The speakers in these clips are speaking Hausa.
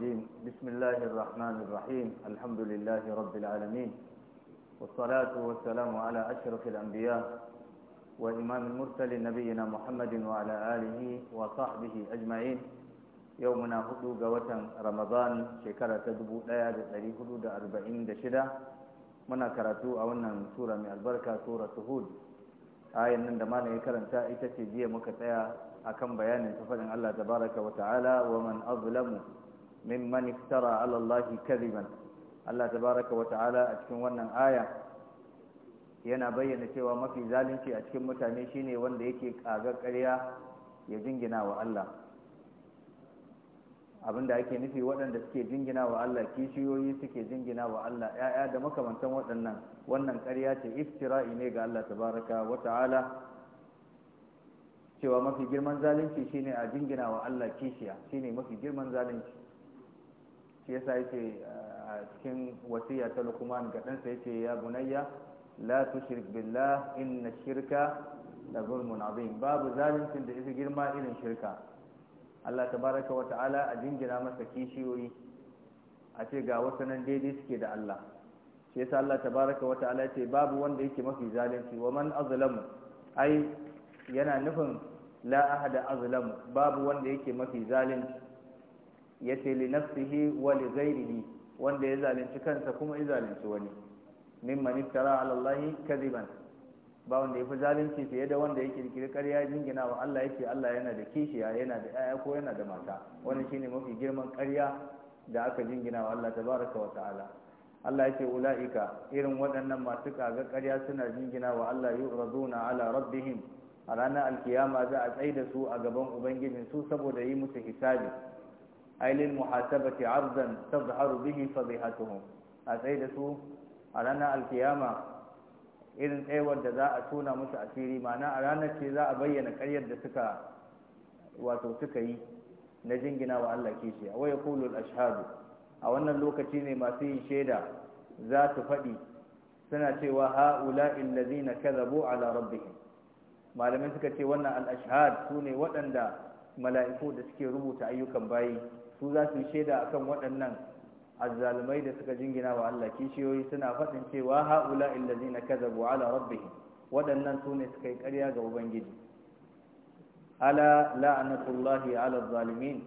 الرجيم بسم الله الرحمن الرحيم الحمد لله رب العالمين والصلاة والسلام على أشرف الأنبياء وإمام المرسل نبينا محمد وعلى آله وصحبه أجمعين يومنا هدو قوة رمضان شكرة تدبو لا يدري هدو أربعين دشدة منا كراتو أولا سورة من البركة سورة هود آية نندمان يكرن تائتة جيه مكتايا akan bayanin tafarin Allah tabaraka wa ta'ala wa man azlamu mimman iftara ala Allahi kadhiban Allah tabaraka wa ta'ala a cikin wannan aya yana bayyana cewa mafi zalunci a cikin mutane shine wanda yake kaga ƙarya ya jingina wa Allah abinda ake nufi waɗanda suke jingina wa Allah kishiyoyi suke jingina wa Allah ‘ya'ya da makamantan waɗannan wannan ƙarya ce iftira'i ne ga Allah tabaraka wa ta'ala cewa mafi girman zalunci shine a jingina wa Allah kishiya shine mafi girman zalunci shi yasa yake a cikin wasiya ta lukman ga ɗansa yace ya bunayya la tushrik billah inna shirka la zulmun azim babu zalimin da yake girma irin shirka Allah tabaraka wa ta'ala a jingina masa kishiyoyi a ce ga wasu nan daidai suke da Allah shi yasa Allah tabaraka wa ta'ala ce babu wanda yake mafi zalunci wa man azlamu ai yana nufin la ahada azlamu babu wanda yake mafi zalunci ce li nafsihi wa li ghairihi wanda ya zalunci kansa kuma ya zalunci wani mimman iftara ala allahi kadiban ba wanda ya fi zalunci fiye da wanda ya kirkiri ƙarya jingina wa Allah yake Allah yana da kishiya yana da ƴaƴa ko yana da mata wannan shine mafi girman ƙarya da aka jingina wa Allah tabaraka wa ta'ala Allah yake ula'ika irin waɗannan masu kaga ƙarya suna jingina wa Allah yu'raduna ala rabbihim a ranar alkiyama za a tsaye da su a gaban ubangijin su saboda yi musu hisabi أي للمحاسبة عرضا A به da su, a rana alkiyama irin tsayawar da za a tona musu asiri ma'ana a ranar ce za a bayyana karyar da suka wato suka yi na jingina wa Allah kishi a waya kulul ashhadu a wannan lokaci ne masu yin shaida za su faɗi suna cewa ha'ula illazina kadhabu ala rabbihim malamai suka ce wannan al-ashhad sune waɗanda mala'iku da suke rubuta ayyukan bayi su za su shaida shaida kan waɗannan azzalumai da suka jingina wa Allah kishiyoyi suna faɗin cewa haula illazina kazabu ala rabbihim waɗannan su ne suka yi ƙarya ga ubangiji ala la'anatullahi ala zalimin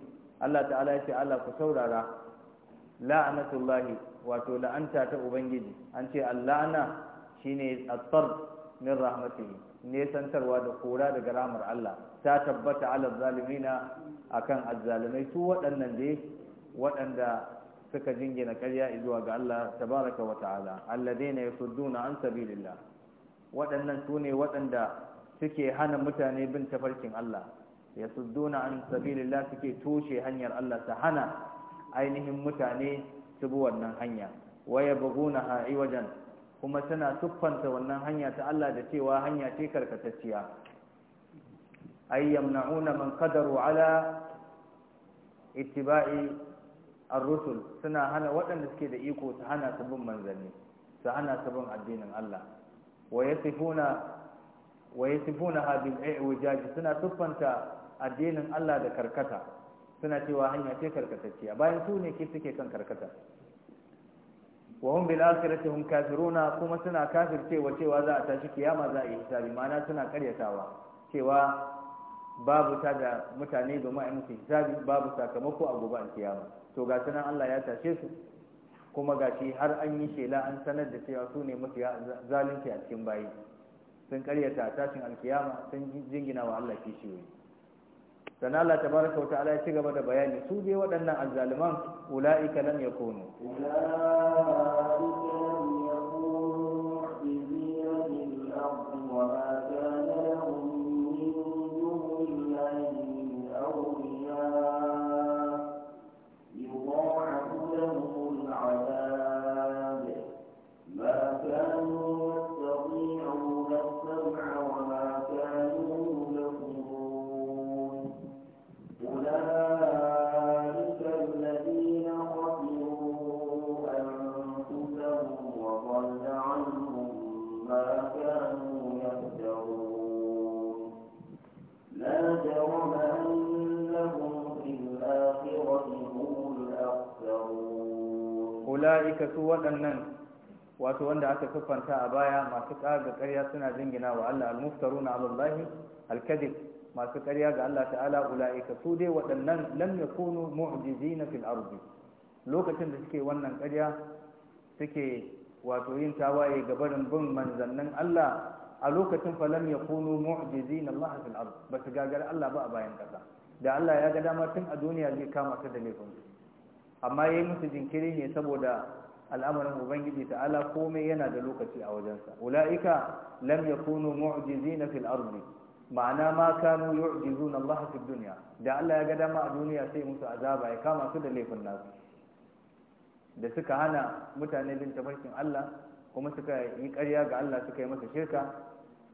Allah ta'ala ya ce Allah ku saurara la'anatullahi wato la'anta ta ubangiji an ce allana shine at-tar min rahmatihi nesantarwa da kora daga ramar Allah ta tabbata ala zalimina akan azzalimai su waɗannan dai waɗanda suka jingina ƙarya zuwa ga Allah tabaraka wa ta'ala alladheena yasudduna an sabilillah waɗannan su ne waɗanda suke hana mutane bin tafarkin Allah yasudduna an sabilillah suke toshe hanyar Allah ta hana ainihin mutane su bi wannan hanya waya bugunaha iwajan kuma tana tuffanta wannan hanya ta Allah da cewa hanya ce karkatacciya ay yamna'una man qadaru ala ittiba'i ar-rusul suna hana waɗanda suke da iko su hana su bin manzanni su hana su bin addinin Allah wa yasifuna wa yasifuna bil suna tuffanta addinin Allah da karkata suna cewa hanya ce karkatacciya bayan su ne ke suke kan karkata wa hum bil akhirati hum kafiruna kuma suna kafircewa cewa za a tashi kiyama za a yi hisabi mana suna karyatawa cewa babu ta da mutane domin a yi hisabi babu sakamako a gobe kiyama to ga sanan Allah ya tashe su kuma ga shi har an yi shela an sanar da cewa su ne mafiya zalunci a cikin bayi sun karyata tashin alkiyama sun jingina wa Allah kishiyoyi sana Allah tabaraka wa ta'ala ya ci gaba da bayani su dai waɗannan azzaliman ulaika lam yakunu ulaika wato wanda aka siffanta a baya masu da ƙarya suna jingina wa Allah al-muftaruna ala Allah al-kadhib masu ƙarya ga Allah ta'ala ulaika su dai waɗannan lam yakunu mu'jizina fil ardi lokacin da suke wannan ƙarya suke wato yin tawaye ga barin bin manzannin Allah a lokacin fa lam yakunu mu'jizina Allah fil ardi ba su gagara Allah ba a bayan ƙasa da Allah ya ga dama tun a duniya zai kama su da laifin amma yayi musu jinkiri ne saboda al'amarin ubangiji ta'ala komai yana da lokaci a wajensa ula'ika lam yakunu mu'jizina fil ne ma'ana ma kanu yu'jizuna Allah fid duniya da Allah ya ga dama a duniya sai musu azaba ya kama su da laifin nasu da suka hana mutane bin tafarkin Allah kuma suka yi ƙarya ga Allah suka yi masa shirka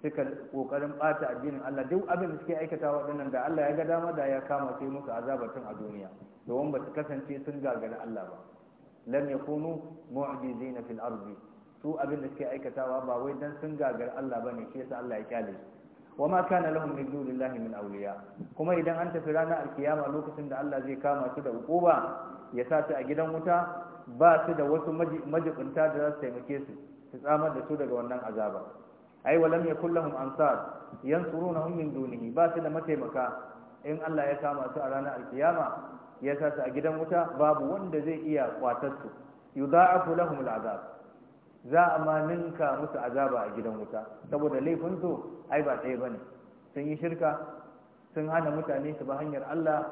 suka kokarin bata addinin Allah duk abin da suke aikata waɗannan da Allah ya ga dama da ya kama sai musu azaba tun a duniya domin ba su kasance sun gagari Allah ba lam yakunu mu'jizin fil ardi su abin da suke aikatawa ba wai dan sun gagar Allah bane shi yasa Allah ya kyale su wama kana lahum min dunillahi min awliya kuma idan an tafi ranar alkiyama lokacin da Allah zai kama su da hukuma ya sa su a gidan wuta ba su da wasu majibinta da za su taimake su su tsamar da su daga wannan azaba ai walam yakul lahum ansar yansurunahum min dunihi ba su da mataimaka in Allah ya kama su a ranar alkiyama ya sa su a gidan wuta babu wanda zai iya kwatar su kula lahum al'azab za a ma ninka musu azaba a gidan wuta saboda laifin su ai ba ɗaya ne. sun yi shirka sun hana mutane su ba hanyar Allah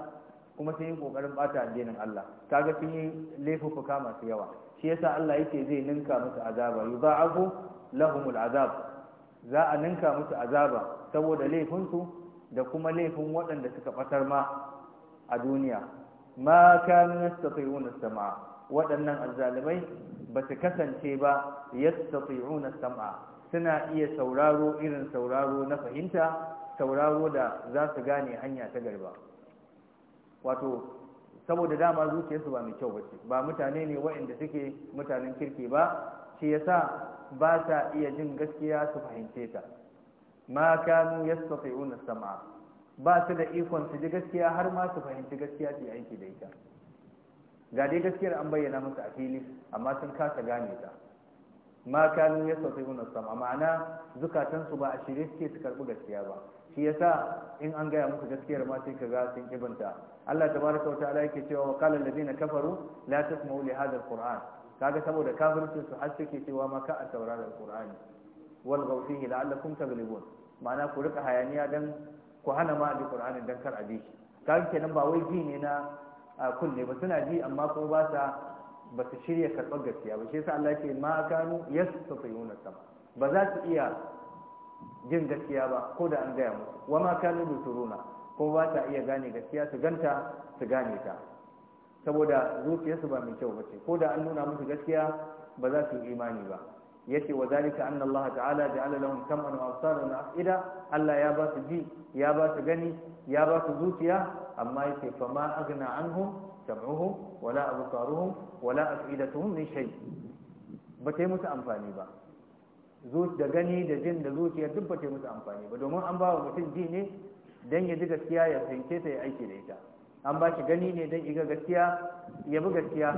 kuma sun yi ƙoƙarin bata addinin Allah kaga sun yi laifuka masu yawa shi yasa Allah yake zai ninka musu azaba yudha'afu lahum al'azab za a ninka musu azaba saboda laifin su da kuma laifin waɗanda suka ɓatar ma a duniya ma kanu yastati'una sam'a waɗannan azzalimai ba su kasance ba yastati'una sam'a suna iya sauraro irin sauraro na fahimta sauraro da za su gane hanya ta garba wato saboda dama zuciyarsu ba mai kyau ba ce ba mutane ne waɗanda suke mutanen kirki ba shi yasa ba sa iya jin gaskiya su fahimce ta ma kanu yastati'una sam'a ba su da ikon su ji gaskiya har ma su fahimci gaskiya su aiki da ita ga dai gaskiyar an bayyana musu a fili amma sun kasa gane ta ma kanu yastati'una sam'a ma'ana zukatan ba a shirye suke su karbi gaskiya ba shi yasa in an gaya muku gaskiyar ma sai kaga sun kibanta Allah tabaraka wa ta'ala yake cewa wa qala alladhina kafaru la tasma'u li hadha alquran kaga saboda kafircin su har suke cewa ma ka a saurara alqurani wal ghawfihi la'allakum ma'ana ku rika hayaniya dan ku hana ma bi qur'anin dan kar a bi shi kaga kenan ba wai ji ne na kunne ba suna ji amma ko ba sa ba su shirya karɓar gaskiya ba shi yasa Allah ce ma kanu yastafiyuna sam ba za su iya jin gaskiya ba ko da an gaya musu wa ma kanu yusuruna ko ba ta iya gane gaskiya su ganta su gane ta saboda zuciyarsu ba mai kyau ba ce ko da an nuna musu gaskiya ba za su yi imani ba yace wa zalika anna Allah ta'ala ja'ala lahum sam'an wa absaran wa af'ida Allah ya ba su ji ya ba su gani ya ba su zuciya amma yace fa ma aghna anhum sam'uhum wala absaruhum wala af'idatuhum min shay ba ta yi musu amfani ba da gani da jin da zuciya duk ba ta yi musu amfani ba domin an ba wa mutum ji ne dan ya ji gaskiya ya fahimce ta ya aiki da ita an ba shi gani ne dan iga gaskiya ya bi gaskiya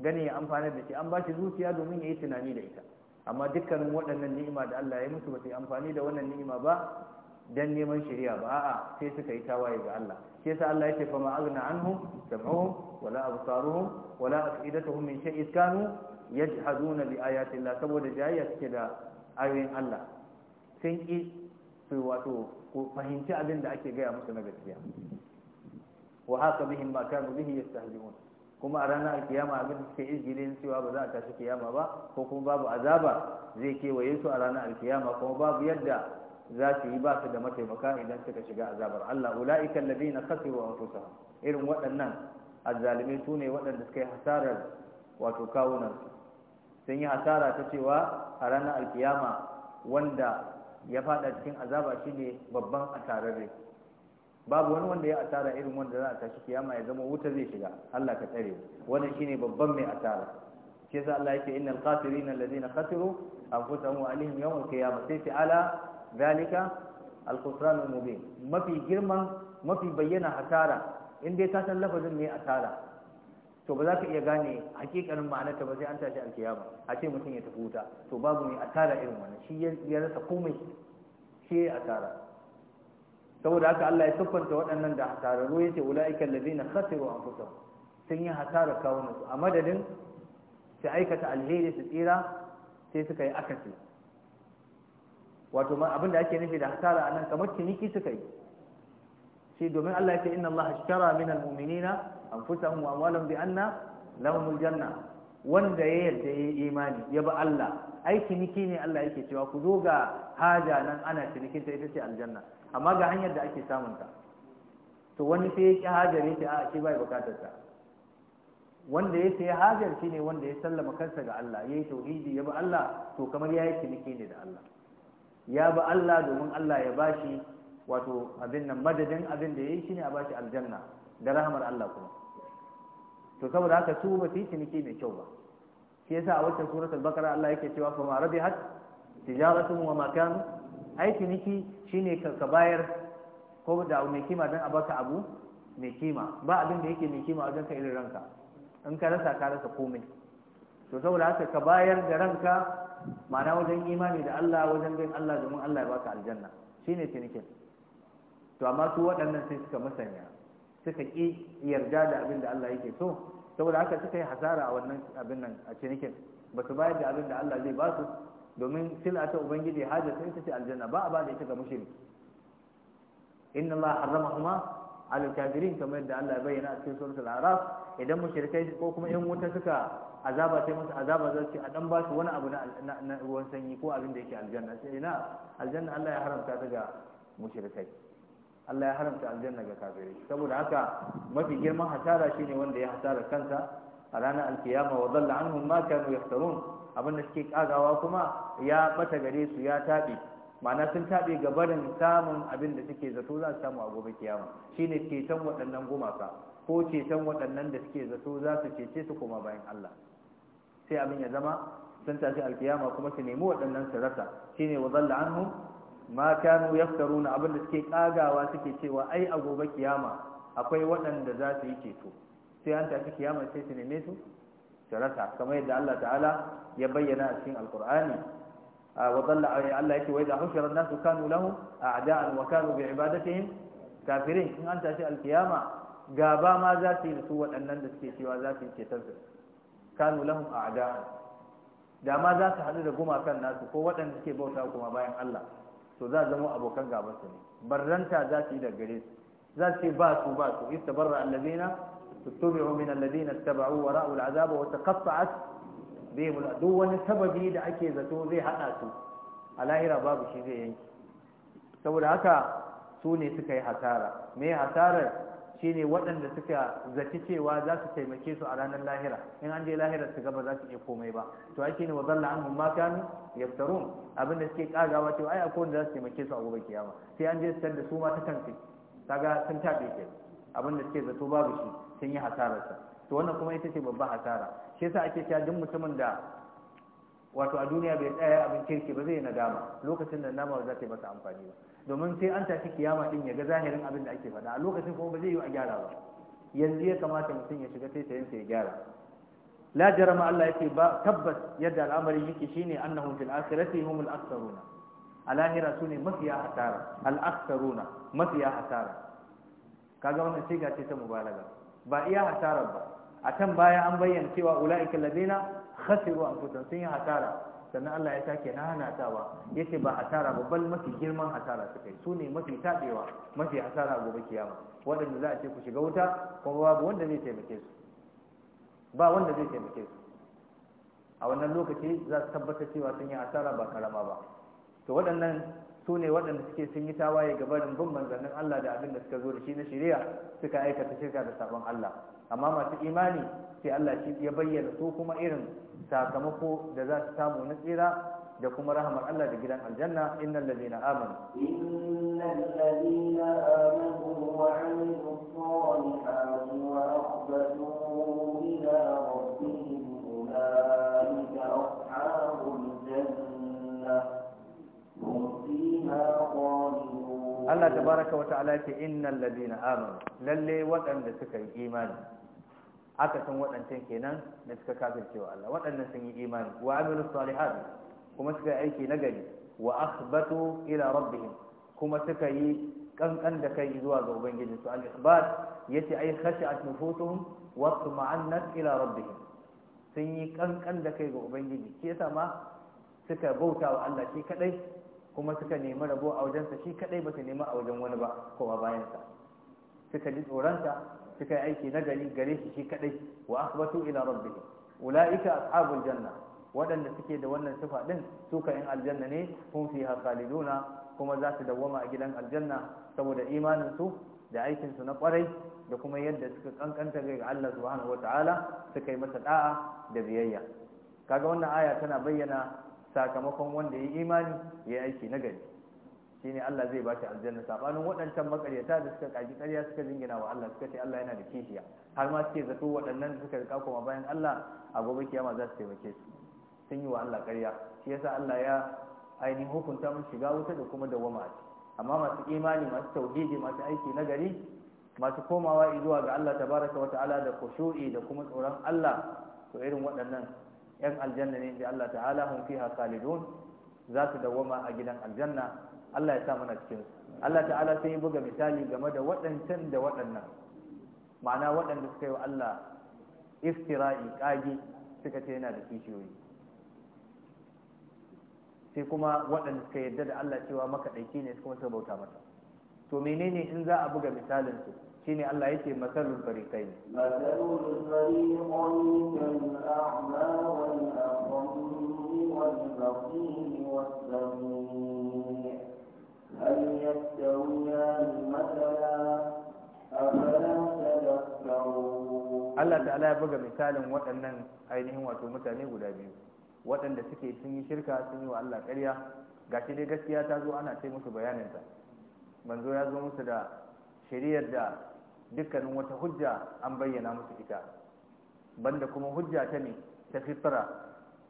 gani ya amfana da shi an ba shi zuciya domin ya yi tunani da ita amma dukkanin waɗannan ni'ima da Allah ya musu ba su yi amfani da wannan ni'ima ba dan neman shari'a ba a'a sai suka yi tawaye ga Allah sai sa Allah yake fa ma'azna anhum sam'uhum wala absaruhum wala afidatuhum min shay'in kanu yajhaduna bi ayati Allah saboda jayayya suke da ayoyin Allah sun ki su wato ko fahimci abin da ake gaya musu na gaskiya wa haka bihim ma kanu bihi yastahzi'un kuma a ranar alkiyama abin da suke izgilin cewa ba za a tashi kiyama ba ko kuma babu azaba zai kewaye su a ranar alkiyama kuma babu yadda za su yi ba su da mataimaka idan suka shiga azabar Allah ula'ika alladhina khasiru anfusahum irin waɗannan azzalimai su waɗanda suka yi hasarar wato kawunan sun yi hasara ta cewa a ranar alkiyama wanda ya fada cikin azaba shine babban asararre babu wani wanda ya asara irin wanda za a tashi kiyama ya zama wuta zai shiga Allah ka tsare wannan shine babban mai asara shi yasa Allah yake innal khasirina alladhina khasiru anfusahum wa alihim yawm al-qiyamah sai ala zalika al-khusran mafi girman mafi bayyana hasara in dai ka san lafazin mai asara to ba za ka iya gane hakikanin ma'anarta ba sai an tashi alkiyama a ce mutum ya tafi wuta to babu mai asara irin wannan shi ya rasa komai shi ya asara saboda haka Allah ya siffanta waɗannan da hasararru yace ulaika allazina khasiru anfusahum sun yi hasara kawunan su a madadin su aikata alheri su tsira sai suka yi akasi wato abin da ake nufi da hasara anan kamar ciniki suka yi shi domin Allah ya ce inna Allah ashtara min almu'minina anfusahum wa amwalahum bi anna lahumul janna wanda ya yarda ya yi imani ya ba Allah ai ciniki ne Allah yake cewa ku zo ga haja nan ana cinikin ta ita ce aljanna amma ga hanyar da ake samun ta to wani sai ya ki hajar ya ce a shi bai bukatar ta wanda ya sai hajar shine wanda ya sallama kansa ga Allah yayi tauhidi ya bi Allah to kamar yayi ciniki ne da Allah ya bi Allah domin Allah ya bashi wato abin nan madadin abin da yayi shine a bashi aljanna da rahmar Allah kuma to saboda haka su ba su yi ciniki mai kyau ba shi yasa a wacce suratul baqara Allah yake cewa fa ma rabihat tijaratuhum wa ma kanu ai ciniki shine ka bayar ko da mai kima don a baka abu mai kima ba abin da yake mai kima wajen ka irin ranka in ka rasa ka rasa komai to saboda haka ka bayar da ranka ma'ana wajen imani da Allah wajen bin Allah domin Allah ya baka aljanna shine cinikin to amma su waɗannan sai suka masanya suka ki yarda da abin da Allah yake so saboda haka suka yi hasara a wannan abin nan a cinikin ba su bayar da abin da Allah zai ba su domin sila ta ubangiji Hajar sai ita ce aljanna ba a ba da ita ga mushriki inna Allah harramahuma alal kafirin kamar yadda Allah ya bayyana a cikin suratul araf idan mushrikai ko kuma yan wuta suka azaba sai musu azaba zai ce a dan ba su wani abu na ruwan sanyi ko abin da yake aljanna sai ina aljanna Allah ya haramta ta ga mushrikai Allah ya haramta aljanna ga kafirai saboda haka mafi girman hasara shine wanda ya hasara kansa a ranar alkiyama wa dalla anhum ma kanu yaftarun abin da suke kagawa kuma ya bata gare su ya tabe ma'ana sun tabe ga barin samun abin da suke zato za su samu a gobe kiyama shine ceton waɗannan gumaka ko ceton waɗannan da suke zato za su cece su koma bayan Allah sai abin ya zama sun tafi alkiyama kuma su nemi waɗannan su rasa shine wa dalla anhum ma kanu yaftaruna abin da suke kagawa suke cewa ai a gobe kiyama akwai waɗanda za su yi ceto sai an tafi kiyama sai su neme su su rasa kamar yadda Allah ta'ala ya bayyana a cikin alkur'ani wa dalla Allah yake wa idha hushira an-nasu kanu lahu lahum a'da'an wa kanu bi ibadatihim kafirin in an tashi alkiyama gaba ma za su yi su waɗannan da suke cewa za su yi cetar su kanu lahum a'da'an da ma za su haɗu da gumakan nasu ko waɗanda suke bauta kuma bayan Allah to za a zama abokan gaban su ne barranta za su yi da gare su za su ce ba su ba su istabarra allazina اتبعوا من الذين اتبعوا ورأوا العذاب وتقطعت بهم duk wani sababi da ake zato zai hada su a lahira babu shi zai yanki saboda haka su ne suka yi hasara me hasarar ne waɗanda suka zaci cewa za su taimake su a ranar lahira in an je lahirar su gaba za su iya komai ba to ai shine wazalla an ma kanu yaftarun abin da suke kagawa cewa ai akwai wanda za su taimake su a gobe kiyama sai an je su da su ma ta kansu kaga sun tabe ke abin da suke zato babu shi sun yi hasararsa to wannan kuma ita ce babba hasara shi yasa ake cewa duk mutumin da wato a duniya bai tsaya abin kirki ba zai nadama lokacin da nadama za ta yi masa amfani ba domin sai an tafi kiyama din ya ga zahirin abin da ake faɗa a lokacin kuma ba zai yi a gyara ba yanzu ya kamata mutum ya shiga taitayensa ya gyara la jarama Allah yake ba tabbas yadda al'amarin yake shine annahum fil akhirati humul aktharuna a lahira sune mafiya hasara al aktharuna mafiya hasara kaga wannan siga ce ta mubalaga ba iya hasara ba a can baya an bayyana cewa ula'ika ladina khasiru anfusahum sun yi hasara sannan Allah ya sake na ya yace ba hasara ba bal mafi girman hasara kai su ne mafi tadewa mafi hasara gobe kiyama waɗanda za a ce ku shiga wuta kuma babu wanda zai taimake su ba wanda zai taimake su a wannan lokaci za su tabbatar cewa sun yi hasara ba karama ba to waɗannan su ne waɗanda suke sun yi tawaye gabanin bin manzannin Allah da abin da suka zo da shi na shari'a suka aikata shirka da sabon Allah amma masu imani sai Allah shi ya bayyana su kuma irin sakamako da za su samu na tsira da kuma rahamar Allah da gidan aljanna innal ladina amanu innal ladina amanu wa 'amilus wa akhbatu ila rabbihim ulaika ashabul jannah Allah baraka wa ta'ala ce innal ladina amanu lalle waɗanda suka yi imani aka san waɗancan kenan da suka kafirce wa Allah waɗannan sun yi imani wa amilu salihat kuma suka yi aiki nagari wa akhbatu ila rabbihim kuma suka yi kankan da kai zuwa ga ubangiji su al-ikhbar yace ai khashi'at nufusuhum wa tuma'annat ila rabbihim sun yi kankan da kai ga ubangiji ke sama suka bauta wa Allah shi kadai kuma suka nemi rabo a wajensa shi kadai ba su nemi a wajen wani ba kowa bayansa suka ji tsoronsa suka yi aiki na gari gare shi shi kadai wa akhbatu ila rabbihim ulaika ashabul janna waɗanda suke da wannan sifa din su kan aljanna ne hum fiha khaliduna kuma za su dawwama a gidan aljanna saboda imanin su da aikin su na kwarai da kuma yadda suka kankanta ga Allah subhanahu wataala suka yi masa da'a da biyayya kaga wannan aya tana bayyana sakamakon wanda ya imani ya yi aiki na gari ne Allah zai shi aljanna sabanin waɗancan makaryata da suka kaji ƙarya suka jingina wa Allah suka ce Allah yana da kishiya har ma suke zato waɗannan da suka rika koma bayan Allah a gobe kiyama za su taimake su sun yi wa Allah ƙarya shi yasa Allah ya ainihin hukunta mun shiga wuta da kuma da a amma masu imani masu tauhidi masu aiki na gari masu komawa zuwa ga Allah tabaraka wa ta'ala da kushu'i da kuma tsoron Allah to irin waɗannan yan aljanna ne inda Allah ta'ala fi ha khalidun za su dawwama a gidan aljanna Allah ya sa mana cikin Allah ta'ala sai ya buga misali game da waɗancan da waɗannan ma'ana waɗanda suka yi wa Allah iftira'i kage suka ce yana da kishiyoyi sai kuma waɗanda suka yarda da Allah cewa makaɗaici ne sai bauta mata. to menene in za a buga misalin su shine Allah yake masalul fariqain masalul Allah ta'ala ya buga misalin waɗannan ainihin wato mutane guda biyu waɗanda suke sun yi shirka sun yi wa Allah ƙarya gashi dai gaskiya ta zo ana ce musu bayaninta manzo ya zo musu da shiriyar da dukkanin wata hujja an bayyana musu ita banda kuma hujja ta ne ta fitra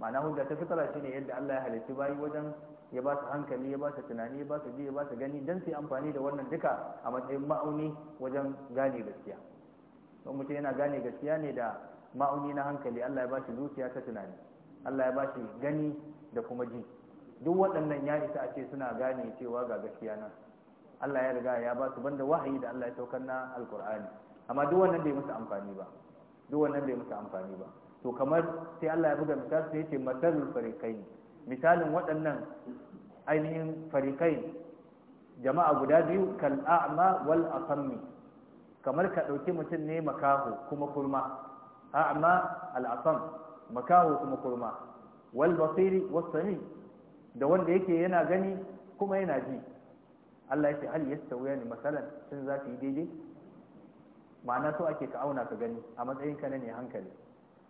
ma'ana hujja ta fitra shine yadda Allah ya halitta bayi wajen ya ba su hankali ya ba su tunani ya ba su ji ya ba su gani dan su amfani da wannan duka a matsayin ma'auni wajen gane gaskiya don mutum yana gane gaskiya ne da ma'auni na hankali Allah ya ba shi zuciya ta tunani Allah ya ba shi gani da kuma ji duk waɗannan ya isa a ce suna gane cewa ga gaskiya nan Allah ya riga ya ba su banda wahayi da Allah ya saukar na Alƙur'ani amma duk wannan bai musu amfani ba duk wannan bai musu amfani ba to kamar sai Allah ya buga misali sai yace matalul fariqain misalin waɗannan ainihin fariqain jama'a guda biyu kal a'ma wal asammi kamar ka dauki mutum ne makaho kuma kurma a'ma al asam makaho kuma kurma wal basiri was sami da wanda yake yana gani kuma yana ji Allah ya ce hal waya ne masalan sun za su yi daidai ma'ana so ake ka auna ka gani a matsayin ka na ne hankali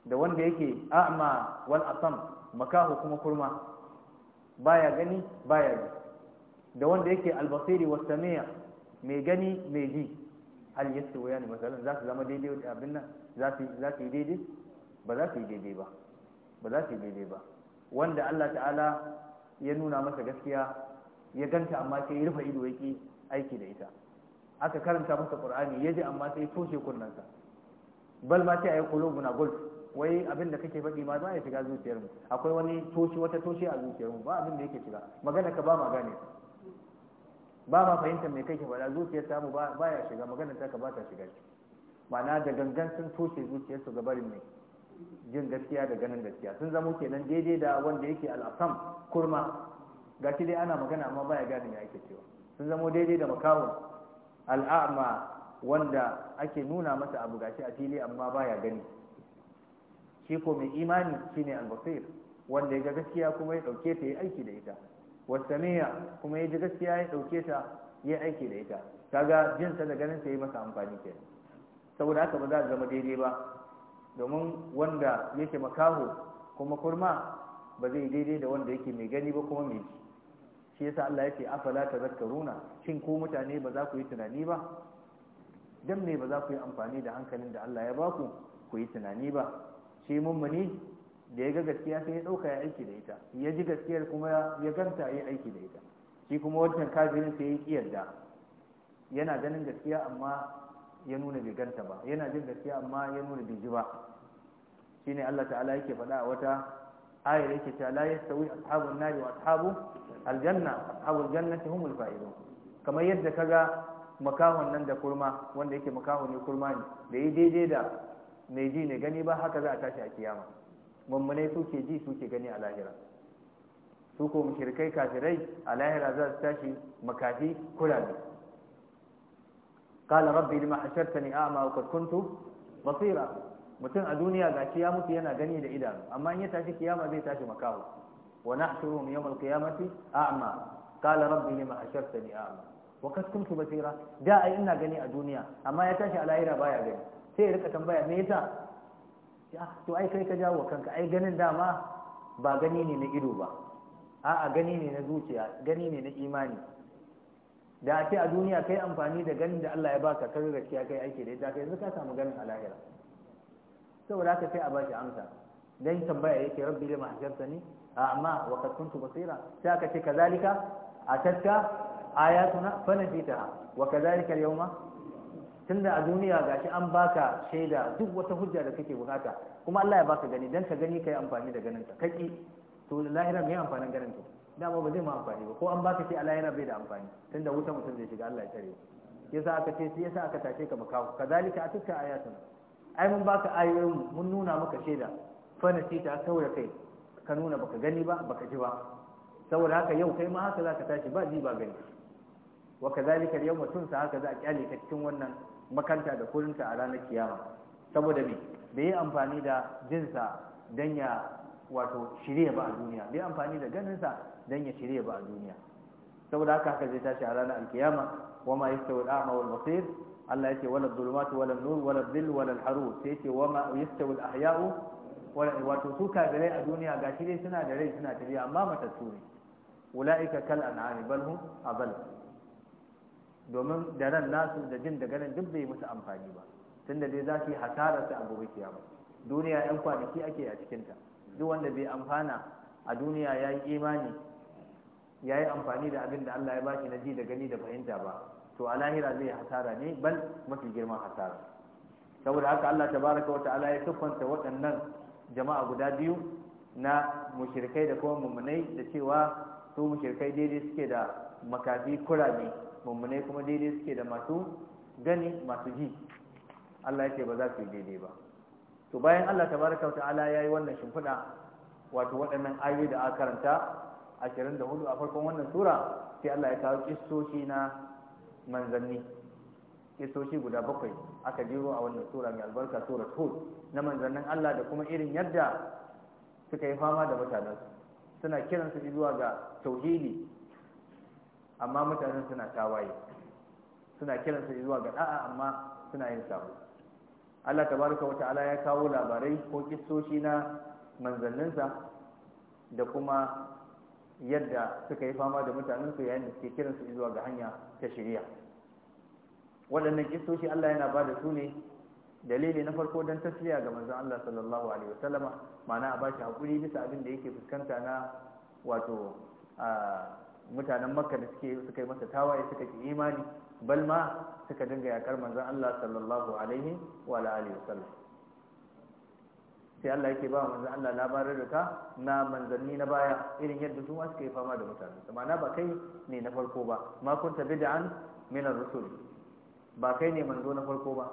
da wanda yake a'ma wal asam makahu kuma kurma baya gani baya ji da wanda yake albasiri was samia mai gani mai ji hal waya ne masalan za su zama daidai wa abin nan za su za su yi daidai ba za su yi daidai ba ba za su yi daidai ba wanda Allah ta'ala ya nuna masa gaskiya ya ganta amma sai ya rufe ido yake aiki da ita aka karanta masa qur'ani yaji amma sai ya toshe kunnansa bal ma sai ayi qulubuna gulf wai abin da kake faɗi ma ba ya shiga zuciyar mu akwai wani toshe wata toshe a zuciyar mu ba abin da yake shiga magana ka ba ma gane ba ma fahimtar me kake faɗa zuciyar ta mu ba ya shiga magana ta ka ba ta shiga ma'ana da gangan sun toshe zuciyar su gabarin ne jin gaskiya da ganin gaskiya sun zamo kenan daidai da wanda yake al'asam kurma ga dai ana magana amma baya gani ya ake cewa sun zamo daidai da makawun al'a'ma wanda ake nuna masa abu gashi a fili amma baya gani shi ko mai imani shine al-basir wanda ya ga gaskiya kuma ya dauke ta ya aiki da ita wasamiya kuma ya ji gaskiya ya dauke ta ya aiki da ita kaga jin sa da ganin sa yi masa amfani kenan saboda haka ba za a zama daidai ba domin wanda yake makaho kuma kurma ba zai daidai da wanda yake mai gani ba kuma mai ji shi yasa Allah yake afala tazakkaruna shin ko mutane ba za ku yi tunani ba dan me ba za ku yi amfani da hankalin da Allah ya baku ku yi tunani ba shi mummuni da ya ga gaskiya sai ya dauka ya aiki da ita ya ji gaskiyar kuma ya ganta ya aiki da ita shi kuma wancan kafirin sai ya kiyarda yana ganin gaskiya amma ya nuna bai ganta ba yana jin gaskiya amma ya nuna bai ji ba shine Allah ta'ala yake faɗa a wata ayar yake ta la yastawi ashabun nari wa ashabu aljanna awul jannati humul fa'idu kamar yadda ka ga makahon nan da kurma wanda yake makaho ne kurma ne da yi daidai da mai ji ne gani ba haka za a tashi a kiyama mummune su ke ji su ke gani a lahira su ko mushrikai kafirai a lahira za su tashi makafi kudade kala rabbi lima a a'ma wa qad kuntu basira mutum a duniya gashi ya mutu yana gani da idanu amma in ya tashi kiyama zai tashi makaho Kala rabbi ne ونحشرهم يوم القيامة أعمى قال ربي لما حشرتني أعمى وقد Da بصيرا ina gani a duniya. Amma ya tashi a lahira baya غني sai ya rika tambaya me yasa Ya. to ai kai ka jawo kanka ai ganin dama ba gani ne na ido ba a'a gani ne na zuciya gani ne na imani da a ce a duniya kai amfani da ganin da Allah ya baka kar gaskiya kai aiki da ita kai yanzu ka samu ganin a lahira saboda haka sai a bashi amsa dan tambaya yake rabbi lima hajartani amma wa qad kuntu basira sai aka ce kazalika a atatka ayatuna fanasitaha wa kazalika al-yawma tunda a duniya gashi an baka shaida duk wata hujja da kake bukata kuma Allah ya baka gani dan ka gani kai amfani da ganin ka kaki to lahira mai amfanin ganin ka. dama ba zai ma amfani ba ko an baka sai a lahira bai da amfani tunda wuta mutum zai shiga Allah ya tare sa aka ce ya sa aka tace ka makawo kazalika a atatka ayatuna ai mun baka ayoyin mun nuna maka shaida fa nasita kawai kai ka nuna baka gani ba baka ji ba saboda haka yau kai ma haka za ka tashi ba ji ba gani wa kazalika yawma tunsa haka za a kyale ka cikin wannan makanta da kurinta a ranar kiyama saboda me bai yi amfani da jinsa dan ya wato shirye ba a duniya yi amfani da ganinsa dan ya shirye ba a duniya saboda haka haka zai tashi a ranar alkiyama wa ma yastawi al-a'ma wal basir Allah ce wala dhulumatu wala nur wala dhill wala al-harur sai ce wa ma yastawi ahyau wato su kafirai a duniya ga shi dai suna da rai suna tafiya amma matattu ne ula'ika kal an'ami bal hum adall domin da ran nasu da jin da ganin duk bai musu amfani ba tunda dai za su yi hasara gobe kiyama duniya yan kwanaki ake a cikin ta duk wanda bai amfana a duniya ya yi imani ya yi amfani da abin da Allah ya bashi na ji da gani da fahimta ba to a lahira zai hasara ne bal mafi girman hasara saboda haka Allah tabaraka wa ta'ala ya tuffanta waɗannan jama'a guda biyu na mushrikai da kuma mummunai da cewa su mushirkai daidai suke da makafi kurame mummunai kuma daidai suke da masu gani masu ji Allah ya ce ba za su yi daidai ba to bayan Allah tabaraka ta'ala ya yi wannan shimfiɗa wato waɗannan ayoyi da aka karanta 24 a farkon wannan sura sai Allah ya kawo kissoshi na manzanni kisoshi guda bakwai aka jiro a wannan sura mai albarka sura hud na manzannin Allah da kuma irin yadda suka yi fama da mutanensu suna kiransu zuwa ga tauhidi amma mutanen suna tawaye suna kiransu zuwa ga da'a amma suna yin sabo Allah tabaraka wa ta'ala ya kawo labarai ko kisoshi na manzanninsa da kuma yadda suka yi fama da mutanensu yayin da suke kiransu zuwa ga hanya ta shari'a waɗannan kistoci Allah yana ba da su ne dalili na farko don tasliya ga manzon Allah sallallahu alaihi wasallama Mana a bashi hakuri bisa abin da yake fuskanta na wato mutanen makka da suke suka yi masa tawaye suka ki imani balma ma suka dinga yakar manzon Allah sallallahu alaihi wa alihi sai Allah yake ba manzon Allah labarin ka na manzanni na baya irin yadda su ma suka yi fama da mutane mana ba kai ne na farko ba ma kunta bid'an min ar-rusul ba kai ne manzo na farko ba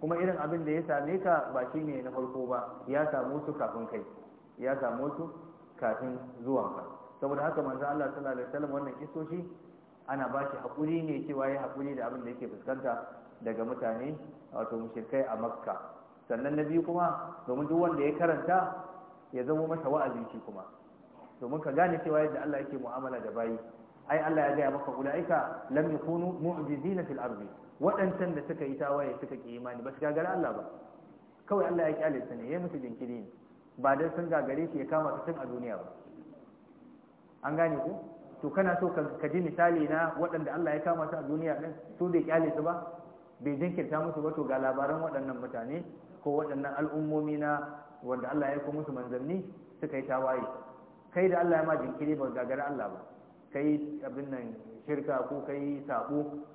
kuma irin abin da ya same ka ba shi ne na farko ba ya samu su kafin kai ya samu su kafin ka. saboda haka manzo Allah sallallahu alaihi wasallam wannan kisoshi ana ba shi hakuri ne cewa ya hakuri da abin da yake fuskanta daga mutane wato mushrikai a makka sannan na biyu kuma domin duk wanda ya karanta ya zama masa wa'azi shi kuma domin ka gane cewa yadda Allah yake mu'amala da bayi ai Allah ya gaya maka ulaika lam yakunu mu'jizina fil ardi waɗancan da suka yi tawaye suka ki imani ba su gagara Allah ba kawai Allah ya ƙyale su ne ya musu jinkiri ne ba dan sun gagare shi ya kama su tun a duniya ba an gane ku to kana so ka ji misali na waɗanda Allah ya kama su a duniya din su bai ƙyale su ba bai jinkirta musu ba to ga labaran waɗannan mutane ko waɗannan al'ummomi na wanda Allah ya aiko musu manzanni suka yi tawaye kai da Allah ya ma jinkiri ba gagara Allah ba kai abin nan shirka ko kai sabo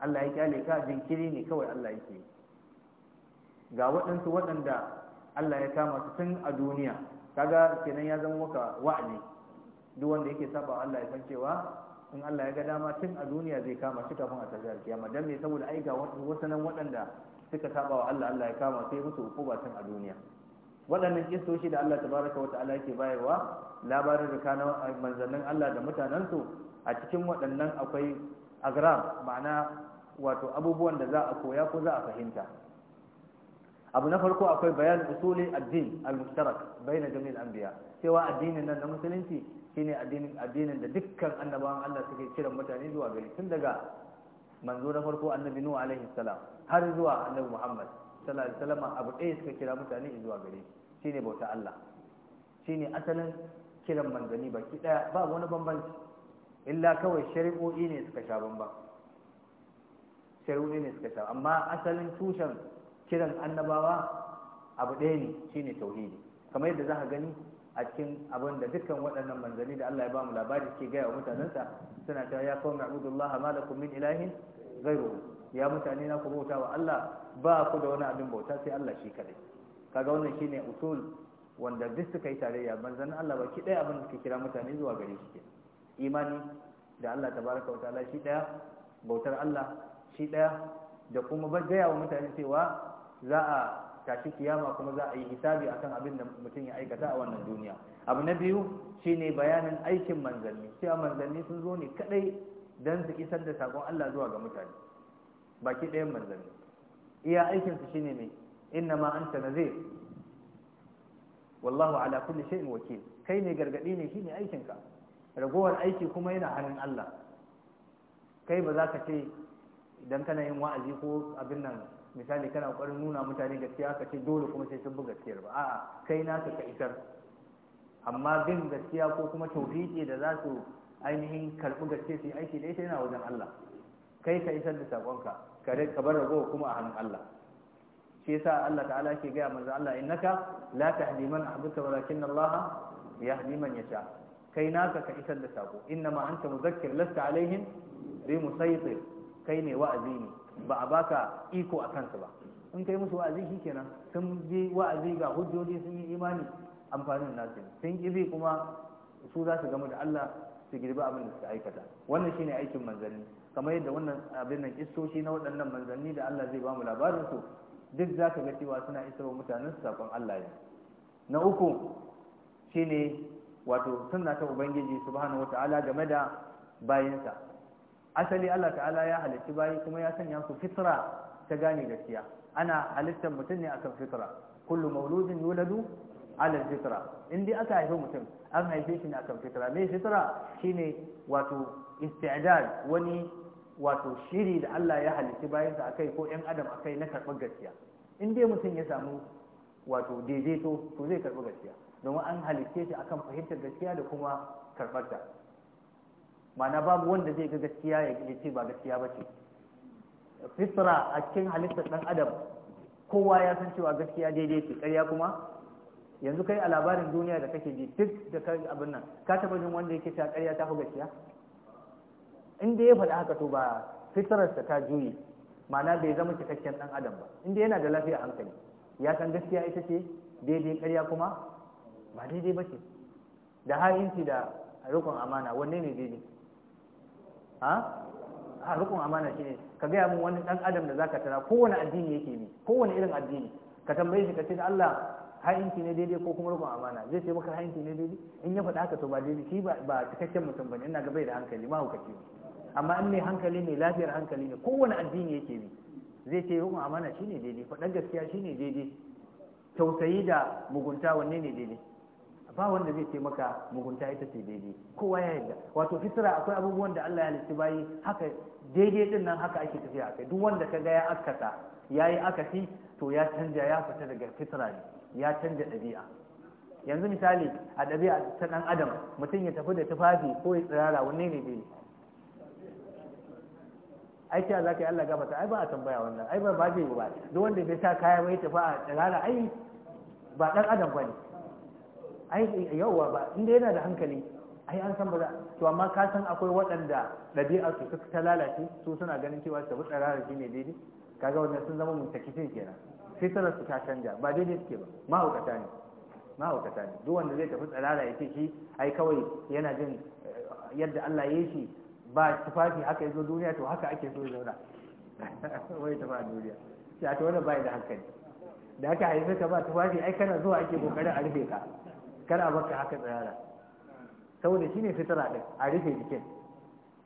Allah ya kyale ka jinkiri ne kawai Allah yake ga waɗansu waɗanda Allah ya kama su tun a duniya kaga kenan ya zama maka wa'adi duk wanda yake saba Allah ya san cewa in Allah ya ga dama tun a duniya zai kama shi kafin a tashar kiyama dan me saboda ai ga wasu nan waɗanda suka saba wa Allah Allah ya kama sai musu hukuma tun a duniya waɗannan kistoshi da Allah tabaraka wata'ala yake bayarwa labarin da kana manzannin Allah da mutanensu a cikin waɗannan akwai agram ma'ana wato abubuwan da za a koya ko za a fahimta abu na farko akwai bayan usuli addin al-mushtarak bayna jami'il anbiya cewa addinin nan na musulunci shine addinin addinin da dukkan annabawan Allah suke kiran mutane zuwa gari tun daga manzo na farko annabi nuhu alaihi salam har zuwa annabi muhammad sallallahu alaihi wasallam abu ɗaya suka kira mutane zuwa gare shine bauta Allah shine asalin kiran manzani baki daya ba wani bambanci illa kawai shari'o'i ne suka sha bamban shari'o'i ne suka sha amma asalin tushen kiran annabawa abu ɗaya ne shi ne tauhidi kamar yadda za ka gani a cikin abin da dukkan waɗannan manzanni da Allah ya ba mu labari ke gaya wa mutanensa suna cewa ya kawo ma'budullaha ma lakum min ilahin ghayru ya mutane na ku bauta wa Allah ba ku da wani abin bauta sai Allah shi kadai kaga wannan shine usul wanda duk suka yi tarayya manzannin Allah ba ki ɗaya abin da suka kira mutane zuwa gari shi imani da Allah tabaraka wa ta'ala shi ɗaya bautar Allah shi ɗaya da kuma ba gaya wa mutane cewa za a tashi kiyama kuma za a yi hisabi akan abin da mutum ya aikata a wannan duniya abu na biyu shine bayanin aikin manzanni cewa manzanni sun zo ne kadai don su isar da sakon Allah zuwa ga mutane baki ɗayan manzanni iya aikin su shine mai inna ma anta nazir wallahu ala kulli shay'in wakil kai ne gargadi ne shine aikin ka ragowar aiki kuma yana hannun Allah kai ba za ka ce idan kana yin wa'azi ko abin nan misali kana ƙoƙarin nuna mutane gaskiya aka ce dole kuma sai sun bi gaskiyar ba a'a kai na ka isar amma bin gaskiya ko kuma taufiƙi da za su ainihin karɓi gaske su yi aiki da ita yana wajen Allah kai ka isar da saƙonka ka bar ragowa kuma a hannun Allah shi yasa Allah ta'ala ke gaya manzo Allah innaka la tahdi man ahbabta walakin Allah yahdi man yasha kai naka ka isar da saƙo innama anta muzakkir lasta alaihim bi musaytir kai ne wa'azi ne ba a baka iko a kansu ba in kai musu wa'azi kenan sun je wa'azi ga hujjoji sun yi imani amfanin nasu sun ƙi kuma su za su gamu da Allah su girbi abin da suka aikata wannan shine aikin manzanni kamar yadda wannan abin nan istoshi na waɗannan manzanni da Allah zai ba mu labarin su duk za ka ga cewa suna isarwa mutanen su sakon Allah ya na uku shine wato sunna ta ubangiji subhanahu wataala game da bayinsa asali Allah ta'ala ya halitta bayi kuma ya sanya su fitra ta gane gaskiya ana halittar mutum ne akan fitra kullu mauludin yuladu ala fitra in dai aka haifi mutum an haife shi ne akan fitra me fitra shine wato isti'dad wani wato shiri da Allah ya halitta bayan sa akai ko ɗan adam akai na karɓar gaskiya in dai mutum ya samu wato daidaito to zai karɓi gaskiya domin an halitte shi akan fahimtar gaskiya da kuma karɓar ta ma'ana babu wanda zai ga gaskiya ya ce ba gaskiya ba ce fitra a cikin halittar dan adam kowa ya san cewa gaskiya daidai ce ƙarya kuma yanzu kai a labarin duniya da kake ji duk da kai abin nan ka taɓa jin wanda yake cewa ƙarya ta fi gaskiya in da ya faɗi haka to ba fitrarsa ta juyi ma'ana bai zama cikakken dan adam ba inda yana da lafiya hankali ya san gaskiya ita ce daidai ƙarya kuma ba daidai ba ce da ha'inci da rukun amana wanne ne daidai ha rukun amana shine ka gaya mun wani dan adam da zaka tara kowane addini yake bi kowane irin addini ka tambaye shi ka ce da Allah ha'inci ne daidai ko kuma rukun amana zai ce maka ha'inci ne daidai in ya faɗa ka to ba daidai shi ba cikakken mutum bane ina ga bai da hankali ma hukaci amma in mai hankali mai lafiyar hankali ne kowane addini yake bi zai ce rukun amana shine daidai faɗan gaskiya shine daidai tausayi da mugunta wanne ne daidai ba wanda zai ce maka mugunta ita ce daidai kowa ya yarda wato fitira akwai abubuwan da Allah ya halitta bayi haka daidai din nan haka ake tafiya akai duk wanda ka ga ya akata yayi akasi to ya canja ya fita daga fitira ne ya canja ɗabi'a yanzu misali a ɗabi'a ta ɗan adam mutum ya tafi da tufafi ko ya tsirara wanne ne dai ai ta za ka yi Allah ai ba a tambaya wannan ai ba ba zai yi ba duk wanda bai sa kaya bai tafi a tsirara ai ba ɗan adam ba ne ai yawa ba inda yana da hankali ai an san ba za to amma ka san akwai waɗanda ɗabi'a su ta lalace su suna ganin cewa su bi tsarara shi ne daidai kaga wannan sun zama muntakifin kenan fitarar su ta canja ba daidai suke ba mahaukata ne mahaukata ne duk wanda zai tafi tsarara ya ce shi ai kawai yana jin eh, yadda Allah ya yi shi ba tufafi haka ya zo duniya to haka ake so zauna wai tafi a duniya sai a ta wani bai da hankali da aka haife ka ba tufafi ai kana zuwa ake kokarin a rufe ka kar a baka haka tsayara, saboda shi ne fitara ɗin a rufe jikin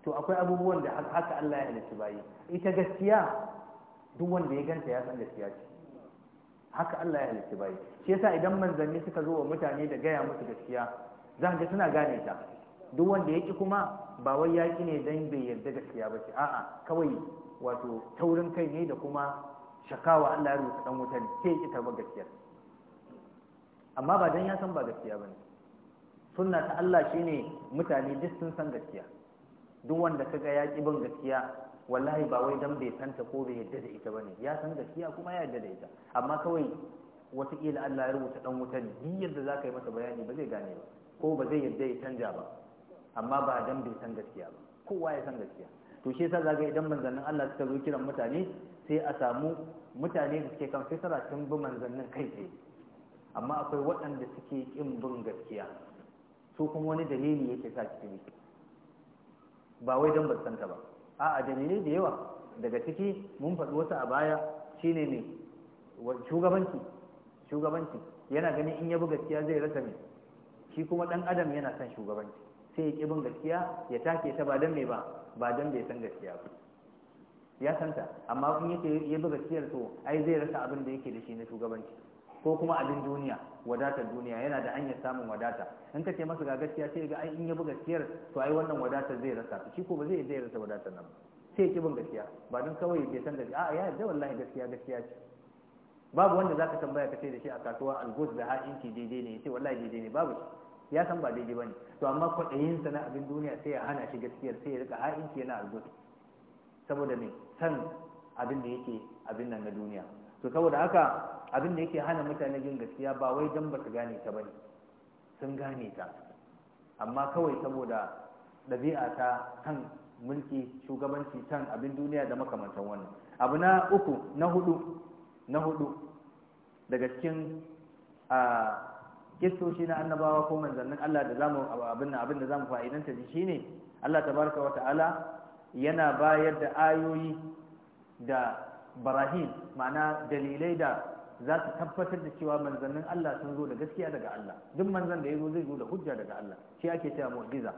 to akwai abubuwan da haka Allah ya halicci bayi ita gaskiya duk wanda ya ganta ya san gaskiya ce haka Allah ya halicci bayi shi yasa idan manzanni suka zo wa mutane da gaya musu gaskiya za ga suna gane ta duk wanda ya ki kuma ba wai ya ki ne dan bai yarda gaskiya ba ce a'a kawai wato taurin kai ne da kuma shakawa Allah ya rubuta dan wuta sai ita ba gaskiya amma ba dan ya san ba gaskiya bane sunna ta Allah shi ne mutane duk sun san gaskiya duk wanda kaga ya ki bin gaskiya wallahi ba wai dan bai santa ko bai yadda da ita bane ya san gaskiya kuma ya yadda da ita amma kawai wataƙila Allah ya rubuta dan wuta ne duk yadda za ka yi masa bayani ba zai gane ba ko ba zai yadda ya canja ba amma ba dan bai san gaskiya ba kowa ya san gaskiya to shi yasa zaga idan manzannin Allah suka zo kiran mutane sai a samu mutane da suke kan fitara sun bi manzannin kai tsaye amma akwai waɗanda suke ƙin bin gaskiya su kuma wani dalili yake sa ciki bi ba wai don basanta ba a dalilai da yawa daga ciki mun faɗi wasu a baya shine ne shugabanci shugabanci yana gani in ya bi gaskiya zai rasa ne shi kuma ɗan adam yana son shugabanci sai ya ƙi bin gaskiya ya take ta ba don me ba ba don bai san gaskiya ba ya santa amma in yake ya bi gaskiyar to ai zai rasa abin da yake da shi na shugabanci ko kuma abin duniya wadatar duniya yana da hanyar samun wadata in ka ce masa ga gaskiya sai ga ai in ya bi gaskiyar to ai wannan wadatar zai rasa shi ko ba zai zai rasa wadatar nan sai ki bin gaskiya ba don kawai ya san gaskiya a'a ya da wallahi gaskiya gaskiya ce babu wanda zaka tambaya ka ce da shi a kasuwa algus da ha'inci daidai ne sai wallahi daidai ne babu ya san ba daidai bane to amma kwaɗayin sa na abin duniya sai ya hana shi gaskiyar sai ya rika ha'inci yana algus saboda me san abin da yake abin nan na duniya to saboda haka abin da yake hana mutane jin gaskiya ba wai dan ba su gane ta ba ne sun gane ta amma kawai saboda ɗabi'a ta kan mulki shugabanci kan abin duniya da makamantan wannan abu na uku na hudu na hudu daga cikin a kistoshi na annabawa ko manzannin Allah da zamu abin da abin da ta fa'idanta ji shine Allah tabaraka wa ta'ala yana bayar da ayoyi da barahim ma'ana dalilai da za su tabbatar da cewa manzannin Allah sun zo da gaskiya daga Allah duk manzan da ya zo zai zo da hujja daga Allah shi ake cewa mu'jiza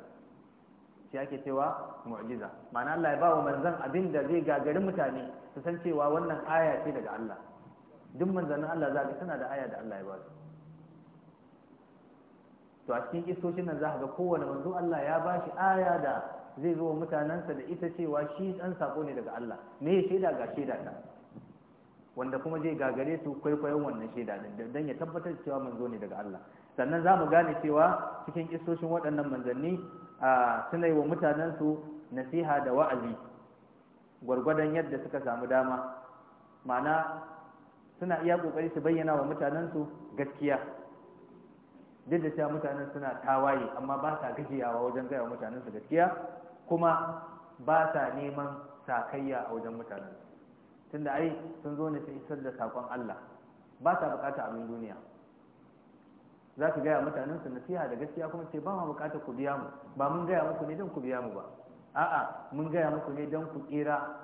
shi ake cewa mu'jiza ma'ana Allah ya ba wa manzan abin da zai gagari mutane su san cewa wannan aya ce daga Allah duk manzannin Allah za ka tana da aya da Allah ya ba su to a cikin kistocin nan za ga kowane manzo Allah ya ba shi aya da zai zo mutanensa da ita cewa shi dan sako ne daga Allah me ya shaida ga shaida ta wanda kuma zai gagare su kwaikwayon wannan shaida din don ya tabbatar cewa manzo ne daga Allah sannan za mu gane cewa cikin kistocin waɗannan manzanni suna yi wa mutanensu nasiha da wa'azi gwargwadon yadda suka samu dama ma'ana suna iya kokari su bayyana wa mutanensu gaskiya duk da cewa mutanen suna tawaye amma ba sa gajiyawa wajen gaya wa mutanensu gaskiya kuma ba sa neman sakayya a wajen mutanensu tunda ai sun zo ne su isar da saƙon Allah ba ta bukata abin duniya za ka gaya mutanen su nasiha da gaskiya kuma ce ba ma bukata ku biya mu ba mun gaya muku ne don ku biya mu ba a'a mun gaya muku ne don ku tsira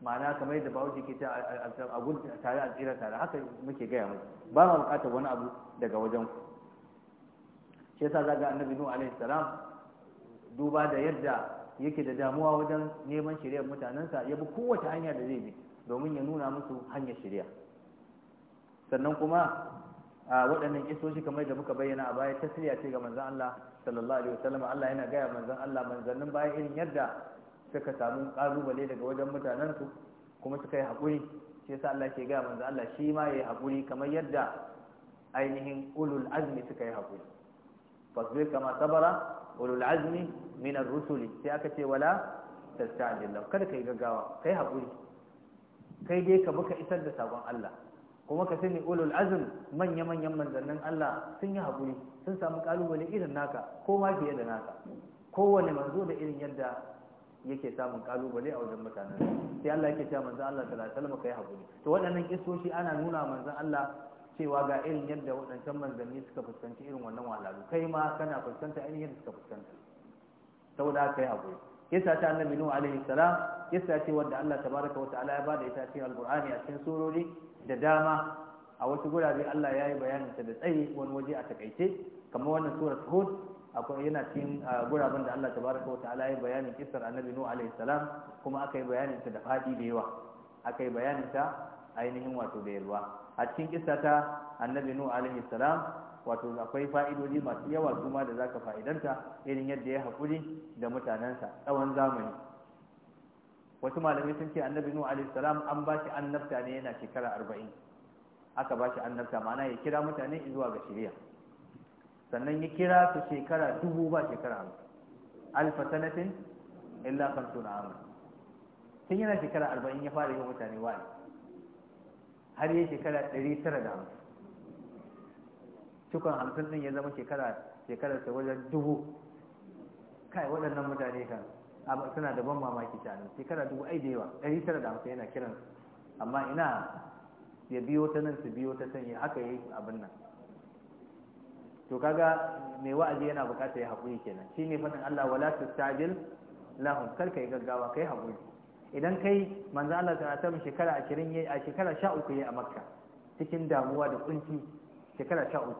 ma'ana kamar yadda bawo ke ta a gudu tare a tsira tare haka muke gaya muku ba ma bukata wani abu daga wajen ku shi yasa zaga annabi nuhu alaihi salam duba da yadda yake da damuwa wajen neman shari'ar mutanensa ya bi kowace hanya da zai bi domin ya nuna musu hanyar shirya sannan kuma a waɗannan isoshi kamar da muka bayyana a baya tasiriya ce ga manzan Allah sallallahu alaihi wasallam Allah yana gaya manzan Allah manzannin bayan irin yadda suka samu ƙalubale daga wajen mutanen su kuma suka yi haƙuri shi yasa Allah ke gaya manzan Allah shi ma ya yi haƙuri kamar yadda ainihin ulul azmi suka yi haƙuri fasbir kama sabara ulul azmi min ar-rusuli sai aka ce wala tastajil kada kai gaggawa kai haƙuri kai dai ka baka isar da sabon Allah kuma ka sani ulul azm manya-manyan manzannin Allah sun yi haƙuri sun samu ƙalubale irin naka ko ma fiye da naka kowane manzo da irin yadda yake samun ƙalubale a wajen mutanen sai Allah yake cewa manzo Allah sallallahu alaihi wasallam kai haƙuri to waɗannan kisoshi ana nuna manzo Allah cewa ga irin yadda waɗancan manzanni suka fuskanci irin wannan wahalalu kai ma kana fuskanta irin yadda suka fuskanta saboda kai haƙuri yasa ta annabi nuhu alaihi salam yasa ce wanda Allah tabaraka wa ta'ala ya bada ita cikin alqur'ani a cikin surori da dama a wasu gurare Allah ya yi bayanin ta da tsayi wani waje a takaice kamar wannan surat hud akwai yana cikin guraben da Allah tabaraka wa ta'ala ya bayanin kissar annabi nuhu alaihi salam kuma aka yi bayanin ta da fadi da yawa aka yi bayanin ta ainihin wato da yalwa a cikin kissa annabi nuhu alaihi salam wato akwai fa'idoji masu yawa kuma da zaka fa'idanta irin yadda ya haƙuri da mutanensa tsawon zamani wasu malamai sun ce annabi nuhu alaihi salam an ba shi annabta ne yana shekara arba'in aka ba shi annabta ma'ana ya kira mutane zuwa ga shirya sannan ya kira su shekara dubu ba shekara hamsin alfa sanatin illa na amin tun yana shekara arba'in ya fara yi wa mutane wa'azi har yi shekara ɗari tara da hamsin cikon hamsin din ya zama shekara shekara ta wajen dubu kai waɗannan mutane kan suna da ban mamaki canin shekara dubu ai da yawa ɗari tara da hamsin yana kiran amma ina ya biyo ta nan su biyo ta can ya haka yi abin nan to kaga mai wa'azi yana bukatar ya haƙuri kenan shine faɗin Allah wala tustajil lahum kar yi gaggawa kai haƙuri idan kai manzo Allah ta ta shekara 20 yayi a shekara 13 yayi a Makka cikin damuwa da kunci shekara 13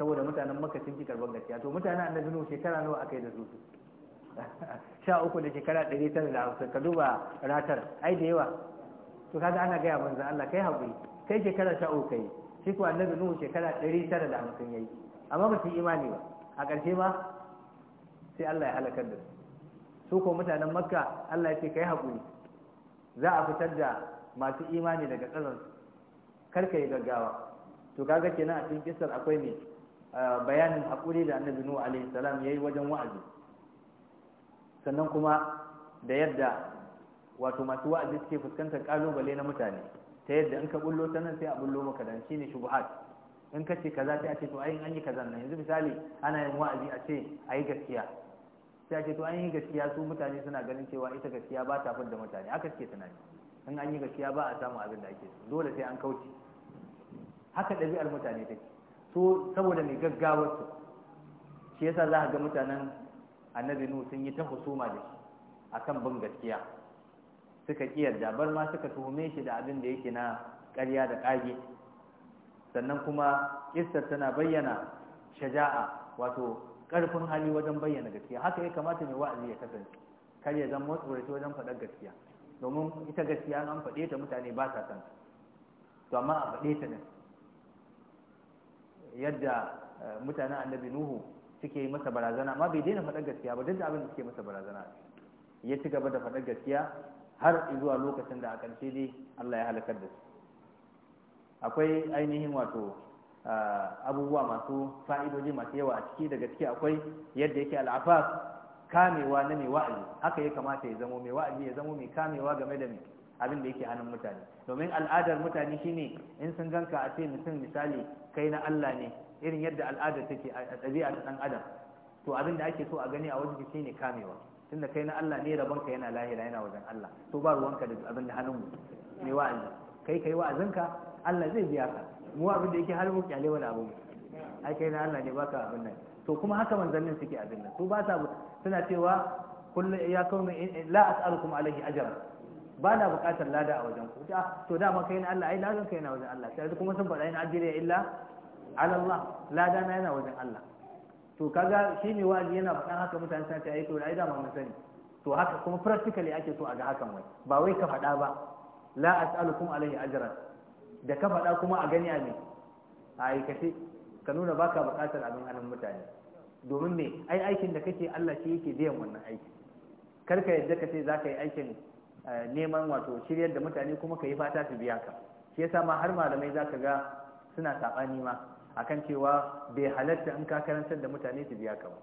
saboda mutanen makka sun ci karban gaskiya to mutanen annabi nuhu shekara nawa aka yi da su sha uku da shekara ɗari tara da hamsin ka duba ratar ai da yawa to kaga ana gaya manzan Allah kai haƙuri kai shekara sha uku kai shi kuwa annabi nuhu shekara ɗari tara da hamsin yayi amma ba su yi imani ba a ƙarshe ma sai Allah ya halakar da su su ko mutanen makka Allah ya ce kai haƙuri za a fitar da masu imani daga ƙasar kar ka yi gaggawa to kaga kenan a cikin kisar akwai ne bayanin hakuri da annabi nuhu alaihi salam yayi wajen wa'azi sannan kuma da yadda wato masu wa'azi suke fuskantar kalubale na mutane ta yadda in ka bullo ta nan sai a bullo maka dan shine shubuhat in ka ce kaza sai a ce to ai an yi kaza nan yanzu misali ana yin wa'azi a ce ai gaskiya sai a ce to an yi gaskiya su mutane suna ganin cewa ita gaskiya ba ta da mutane haka suke tunani in an yi gaskiya ba a samu abin da ake dole sai an kauce haka ɗabi'ar mutane take so saboda mai gaggawar su shi yasa za ga mutanen annabi nuhu sun yi ta husuma da shi akan bin gaskiya suka kiyarda bar ma suka tuhume shi da abin da yake na ƙarya da ƙage sannan kuma kissar tana bayyana shaja'a wato ƙarfin hali wajen bayyana gaskiya haka ya kamata mai wa'azi ya kasance kar ya zama tsoraci wajen faɗar gaskiya domin ita gaskiya an faɗe ta mutane ba sa san to amma a faɗe ta ne yadda eh, mutanen annabi nuhu suke masa barazana ma bai daina faɗar gaskiya ba duk da abin da suke masa barazana ya ci gaba da faɗar gaskiya har zuwa lokacin da a ƙarshe dai Allah ya halakar da su akwai ainihin wato eh, abubuwa masu fa'idoji masu yawa a ciki daga ciki akwai yadda yake al'afas kamewa na mai wa'azi haka ya kamata ya zamo mai wa'azi ya zamo mai kamewa game da abin da yake hannun mutane domin al'adar mutane shine in sun ganka a ce mutum misali kai na Allah ne irin yadda al'ada take a ɗabi'a ta ɗan adam to abin da ake so a gani a wajen shi ne kamewa tunda kai na Allah ne rabonka yana lahira yana wajen Allah to ba ruwanka da abin da hannun mu ne wa'azi kai kai wa'azinka Allah zai biya ka mu abin da yake har mu kyale wani abu ai kai na Allah ne baka abin nan to kuma haka manzannin suke abin nan su ba sa suna cewa kullu ya kauna la as'alukum alaihi ajran ba na buƙatar lada a wajen ku to dama kai na Allah ai ladan kai na wajen Allah sai kuma sun faɗa ina ajira illa ala Allah lada na yana wajen Allah to kaga shi ne wa'azi yana faɗan haka mutane sun ta ai to ai dama mun sani to haka kuma practically ake so a ga hakan wai ba wai ka faɗa ba la as'alukum alaihi ajran da ka faɗa kuma a gani a me a aikace ka nuna baka buƙatar abin hannun mutane domin me ai aikin da kake Allah shi yake biyan wannan aiki karka yadda ka ce za ka yi aikin Eh, neman wato shiryar da mutane kuma ka yi fata su biya ka shi yasa ma har malamai za ka ga suna saɓani a akan cewa bai halatta in ka karantar da mutane su biya ka ba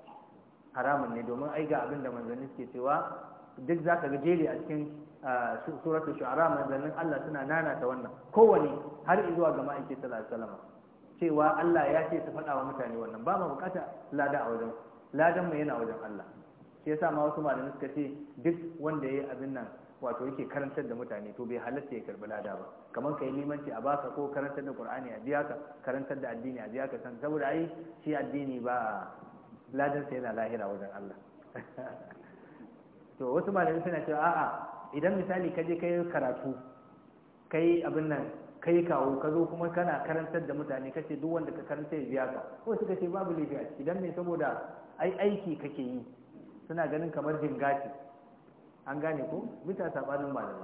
haramun ne domin ai ga abin da manzanni suke cewa duk za ka ga jeri a cikin eh, suratul shu'ara manzannin Allah suna nanata wannan kowane har zuwa ga ma'aiki sallallahu alaihi wasallam cewa Allah ya ce su faɗa wa mutane wannan ba mu bukata lada a wajen ladan mu yana wajen Allah shi yasa ma wasu malamai suka ce duk wanda ya yi abin nan wato yake karantar da mutane to bai halatta ya karbi lada ba kamar kai limanci a baka ko karantar da qur'ani a biya ka karantar da addini a biya ka san saboda ai shi addini ba ladan sa yana lahira wajen Allah to wasu malamai suna cewa a'a idan misali ka je kai karatu kai abin nan kai kawo ka zo kuma kana karantar da mutane kace duk wanda ka karanta ya biya ka ko suka ce babu lafiya Idan ne saboda ai aiki kake yi suna ganin kamar jingati an gane ko bisa sabanin malami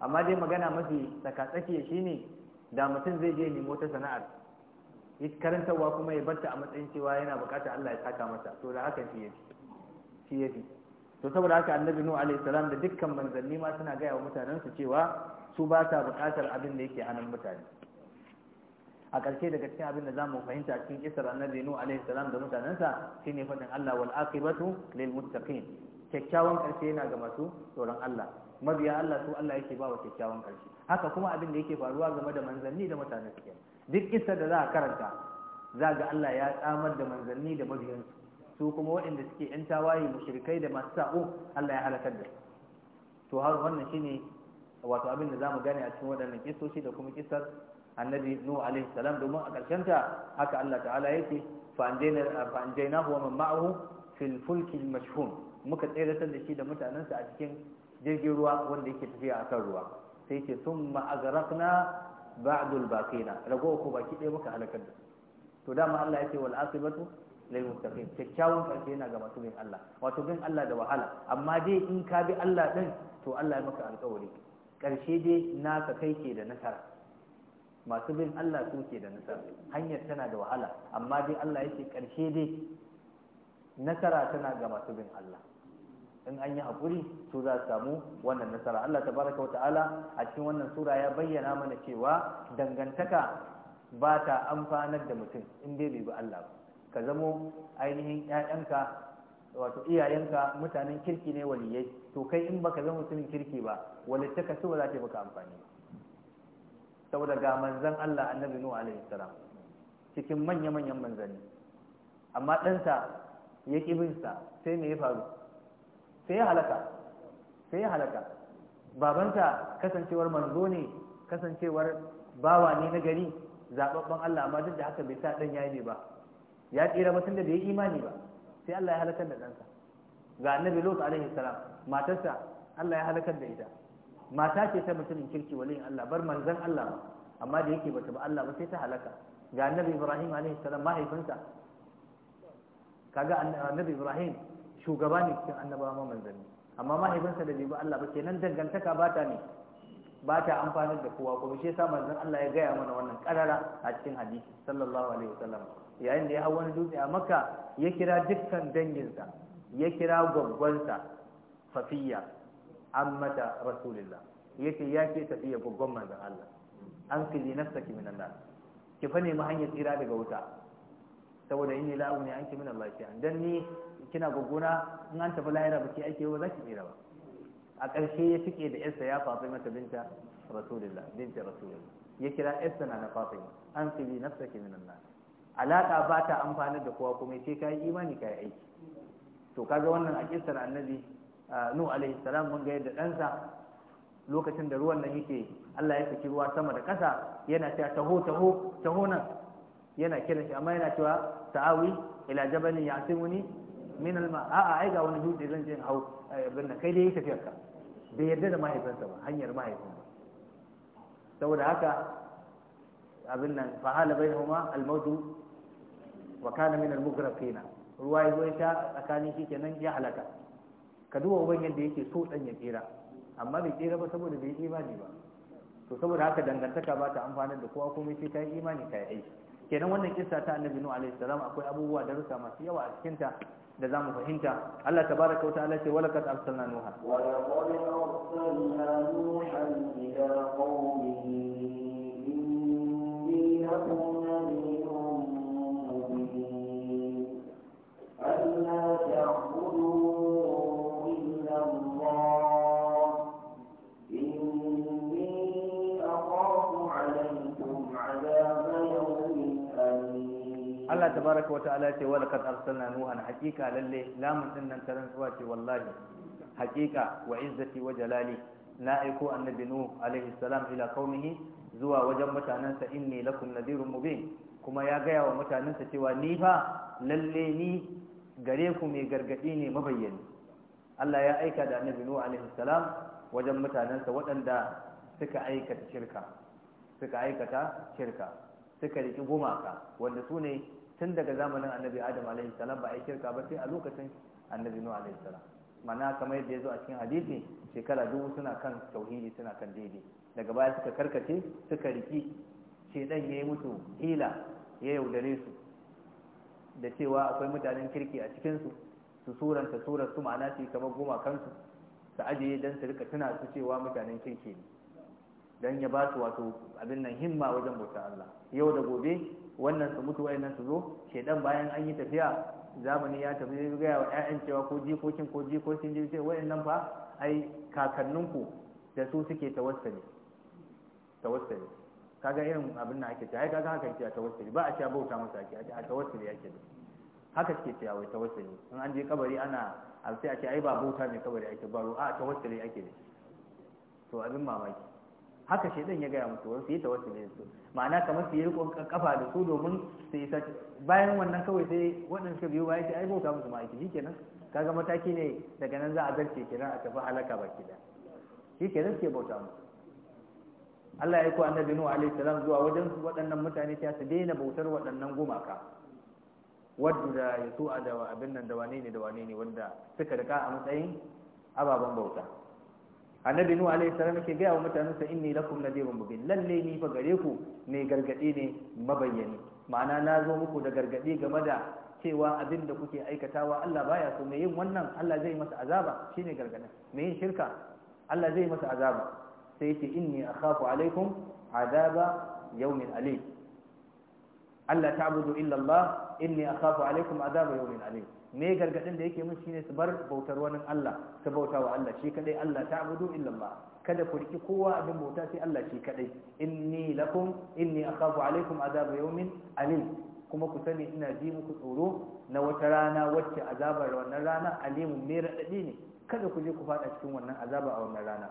amma dai magana mafi shi shine da mutum zai je nemo ta sana'ar karantarwa kuma ya barta a matsayin cewa yana bukatar Allah ya saka masa to da haka shi yafi shi to saboda haka annabi nuhu alaihi salam da dukkan manzanni ma suna gaya wa mutanen su cewa su ba sa bukatar abin da yake hannun mutane a ƙarshe daga cikin abin da za mu fahimta cikin isar annabi nuhu alaihi salam da mutanensa shine faɗin Allah wal aqibatu lil muttaqin kyakkyawan karshe yana ga masu tsoron Allah mabiya Allah su Allah yake ba wa kyakkyawan karshe haka kuma abin da yake faruwa game da manzanni da mutane suke duk kissa da za a karanta za ga Allah ya tsamar da manzanni da mabiyan su kuma waɗanda suke yan tawaye mushrikai da masu sa'o Allah ya halakar da su to har wannan shine wato abin da zamu gane a cikin waɗannan kissoshi da kuma kissar annabi nuhu alaihi salam domin a ƙarshen ta haka Allah ta'ala yake fa anjayna fa anjaynahu wa man ma'ahu fil fulki al mashhun muka tseratar da shi da mutanensa a cikin jirgin ruwa wanda yake tafiya a kan ruwa sai ce sun ma'azarafna ba'adul bakina ragowa ko baki ɗaya muka halakar da to dama Allah ya ce wal asibatu lil mustaqim kyakkyawan karshe yana ga masu bin Allah wato bin Allah da wahala amma dai in ka bi Allah din to Allah ya maka alƙawari karshe dai naka kai ke da nasara masu bin Allah su ke da nasara hanyar tana da wahala amma dai Allah ya ce karshe dai nasara tana ga masu bin Allah in an yi hakuri to za su samu wannan nasara Allah tabaraka wa ta'ala a cikin wannan sura ya bayyana mana cewa dangantaka ba ta amfanar da mutum in dai bai bi Allah ba ka zamo ainihin ƴaƴanka wato iyayenka mutanen kirki ne waliyai to kai in baka zama mutumin kirki ba walittaka su ba za ta baka amfani saboda ga manzon Allah annabi Nuhu alaihi salam cikin manya-manyan manzanni amma ɗansa ya ƙi sa sai me ya faru sai ya halaka sai halaka babanta kasancewar manzo ne kasancewar bawa ne na gari zababban Allah amma duk da haka bai sa dan yayi ba ya tsira mutum da bai imani ba sai Allah ya halakar da ɗansa ga annabi Lut alaihi salam matarsa Allah ya halakar da ita mata ce ta mutumin kirki waliyin Allah bar manzon Allah amma da yake bata ba Allah ba sai ta halaka ga annabi Ibrahim alaihi salam mahaifinsa kaga annabi Ibrahim shugaba ne cikin annabawa ma manzanni amma mahaifinsa da bai Allah ba kenan dangantaka ba ta ne ba ta amfanar da kowa kuma shi yasa manzon Allah ya gaya mana wannan karara a cikin hadisi sallallahu alaihi wasallam yayin da ya hau wani dutse a Makka ya kira dukkan danginsa ya kira gwaggwansa Safiya ammata Rasulullah yace ya ke tafiya gwaggwan manzon Allah an kiji nafsaki min Allah ki fa nemi hanyar tsira daga wuta saboda inni la'uni anki min Allah shay'an dan ni kina gwaggona in an tafi lahira ba ke ake ba za ki tsira ba a ƙarshe ya fiƙe da yarsa ya fafi mata binta rasulullah binta rasulullah ya kira yarsa na na fafi an fi na nafsaki minan nan alaƙa ba ta amfani da kowa kuma sai kayi imani kayi aiki to kaga wannan a kissar annabi nu alaihi salam mun ga yadda ɗansa lokacin da ruwan nan yake Allah ya saki ruwa sama da ƙasa yana cewa taho taho taho nan yana kiran shi amma yana cewa ta'awi ila jabalin asimuni min alma a'a ai ga wani dutse zan je in hau eh, abin nan kai dai yi tafiyar ka bai yarda da mahaifinsa ba hanyar mahaifin ba saboda haka abin nan hala bai huma almautu wa kana min almugrafina ruwa ya zo ya sha tsakanin shi kenan ya halaka ka duba uban yadda yake so dan ya tsira amma bai tsira ba saboda bai imani ba to saboda haka dangantaka ba ta amfanar da kowa komai sai ka yi imani ka yi aiki kenan wannan kissa ta annabi nuhu alaihi salam akwai abubuwa darussa masu yawa a cikin ta da zamu fahimta Allah tabaraka wa ta'ala ce walaqad arsalna nuha wa laqad arsalna nuha ila qaumihi inni lakum Allah tabaraka wa ta'ala ce wala kad arsalna nuhan hakika lalle lamun din nan taran suwa ce wallahi haqiqa wa izzati wa jalali na aiko annabi nuh alaihi salam ila qaumihi zuwa wajen mutanansa inni lakum nadhirun mubin kuma ya gaya wa mutanansa cewa ni fa lalle ni gare ku mai gargadi ne mabayyani Allah ya aika da annabi nuh alaihi salam wajen mutanansa waɗanda suka aikata shirka suka aikata shirka suka riƙi gumaka wanda su ne tun daga zamanin annabi adam alaihi salam ba a yi ba sai a lokacin annabi nuhu alaihi salam mana kamar yadda ya zo a cikin hadisi shekara dubu suna kan tauhidi suna kan daidai daga baya suka karkace suka riki shedan ya yi musu hila ya yaudare su da cewa akwai mutanen kirki a cikin su suranta surar su ma'ana ce kamar goma kansu su ajiye dan su rika tuna su cewa mutanen kirki ne don ya ba su wato abin nan himma wajen bauta Allah yau da gobe wannan su mutu wayannan su zo shaidan bayan an yi tafiya zamani ya tafi zai gaya wa 'ya'yan cewa ko jikokin ko jikokin jirgin sai ce nan fa ai kakanninku da su suke tawassali tawassali kaga irin abin da ake cewa ai kaga haka ce tawassali ba a cewa bauta masa ake a tawassali yake da haka suke cewa wai tawassali in an je kabari ana a sai a ce ai ba bauta mai kabari ake ba a tawassali ake da to abin mamaki haka shi shedan ya gaya musu wasu yi wasu ne su ma'ana kamar su yi rikon kafa da su domin su sace bayan wannan kawai sai waɗanda biyu biyo baya sai ai ka musu ma'aiki shikenan kaga mataki ne daga nan za a zarce kenan a tafi halaka baki da shikenan suke bauta musu Allah ya ko annabi Nuhu alaihi salam zuwa wajen waɗannan mutane ta su daina bautar waɗannan gumaka wadda da yasu da abin nan da wane ne da wane ne wanda suka rika a matsayin ababen bauta annabi nuhu alaihi salam yake gaya wa mutanen mutanensa inni lakum nadirun mubin lalle ni fa gare ku ne gargadi ne mabayyani ma'ana na zo muku da gargadi game da cewa abin da kuke aikatawa Allah baya so mai yin wannan Allah zai masa azaba shine gargadin mai yin shirka Allah zai masa azaba sai yace inni akhafu alaikum azaba yawmin alim Allah ta'budu illa Allah inni akhafu alaikum azaba yawmin alim me gargadin da yake min shine su bar bautar wani Allah su bauta wa Allah shi kadai Allah ta'budu illa Allah kada ku riki kowa abin bauta sai Allah shi kadai inni lakum inni akhafu alaikum adhab yawmin alim kuma ku sani ina ji muku tsoro na wata rana wacce azabar wannan rana alimun me radadi ne kada ku je ku faɗa cikin wannan azaba a wannan rana